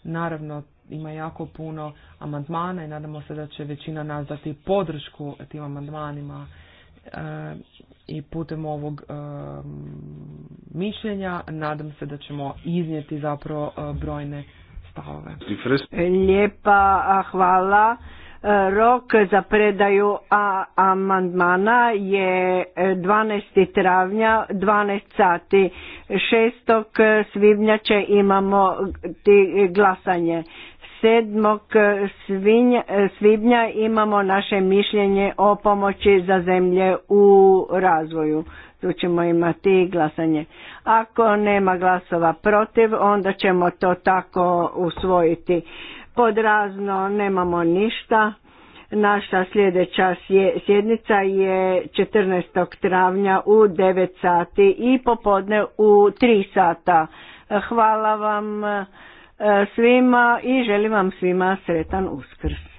Naravno, ima jako puno amandmana i nadamo se da će većina nas dati podršku tim amandmanima e, i putem ovog mišljenja nadam se da ćemo iznijeti zapravo brojne stavove. Lijepa hvala. Rok za predaju a amandmana je 12. E, travnja, 12 sati. 6. E, svibnja će imamo glasanje. 7. E, svibnja imamo naše mišljenje o pomoći za zemlje u razvoju. Tu ćemo imati glasanje. Ako nema glasova protiv, onda ćemo to tako usvojiti. Pod nemamo ništa. Naša sljedeća sjednica je 14. travnja u 9 sati i popodne u 3 sata. Hvala vam e, svima i želim vam svima sretan uskrs.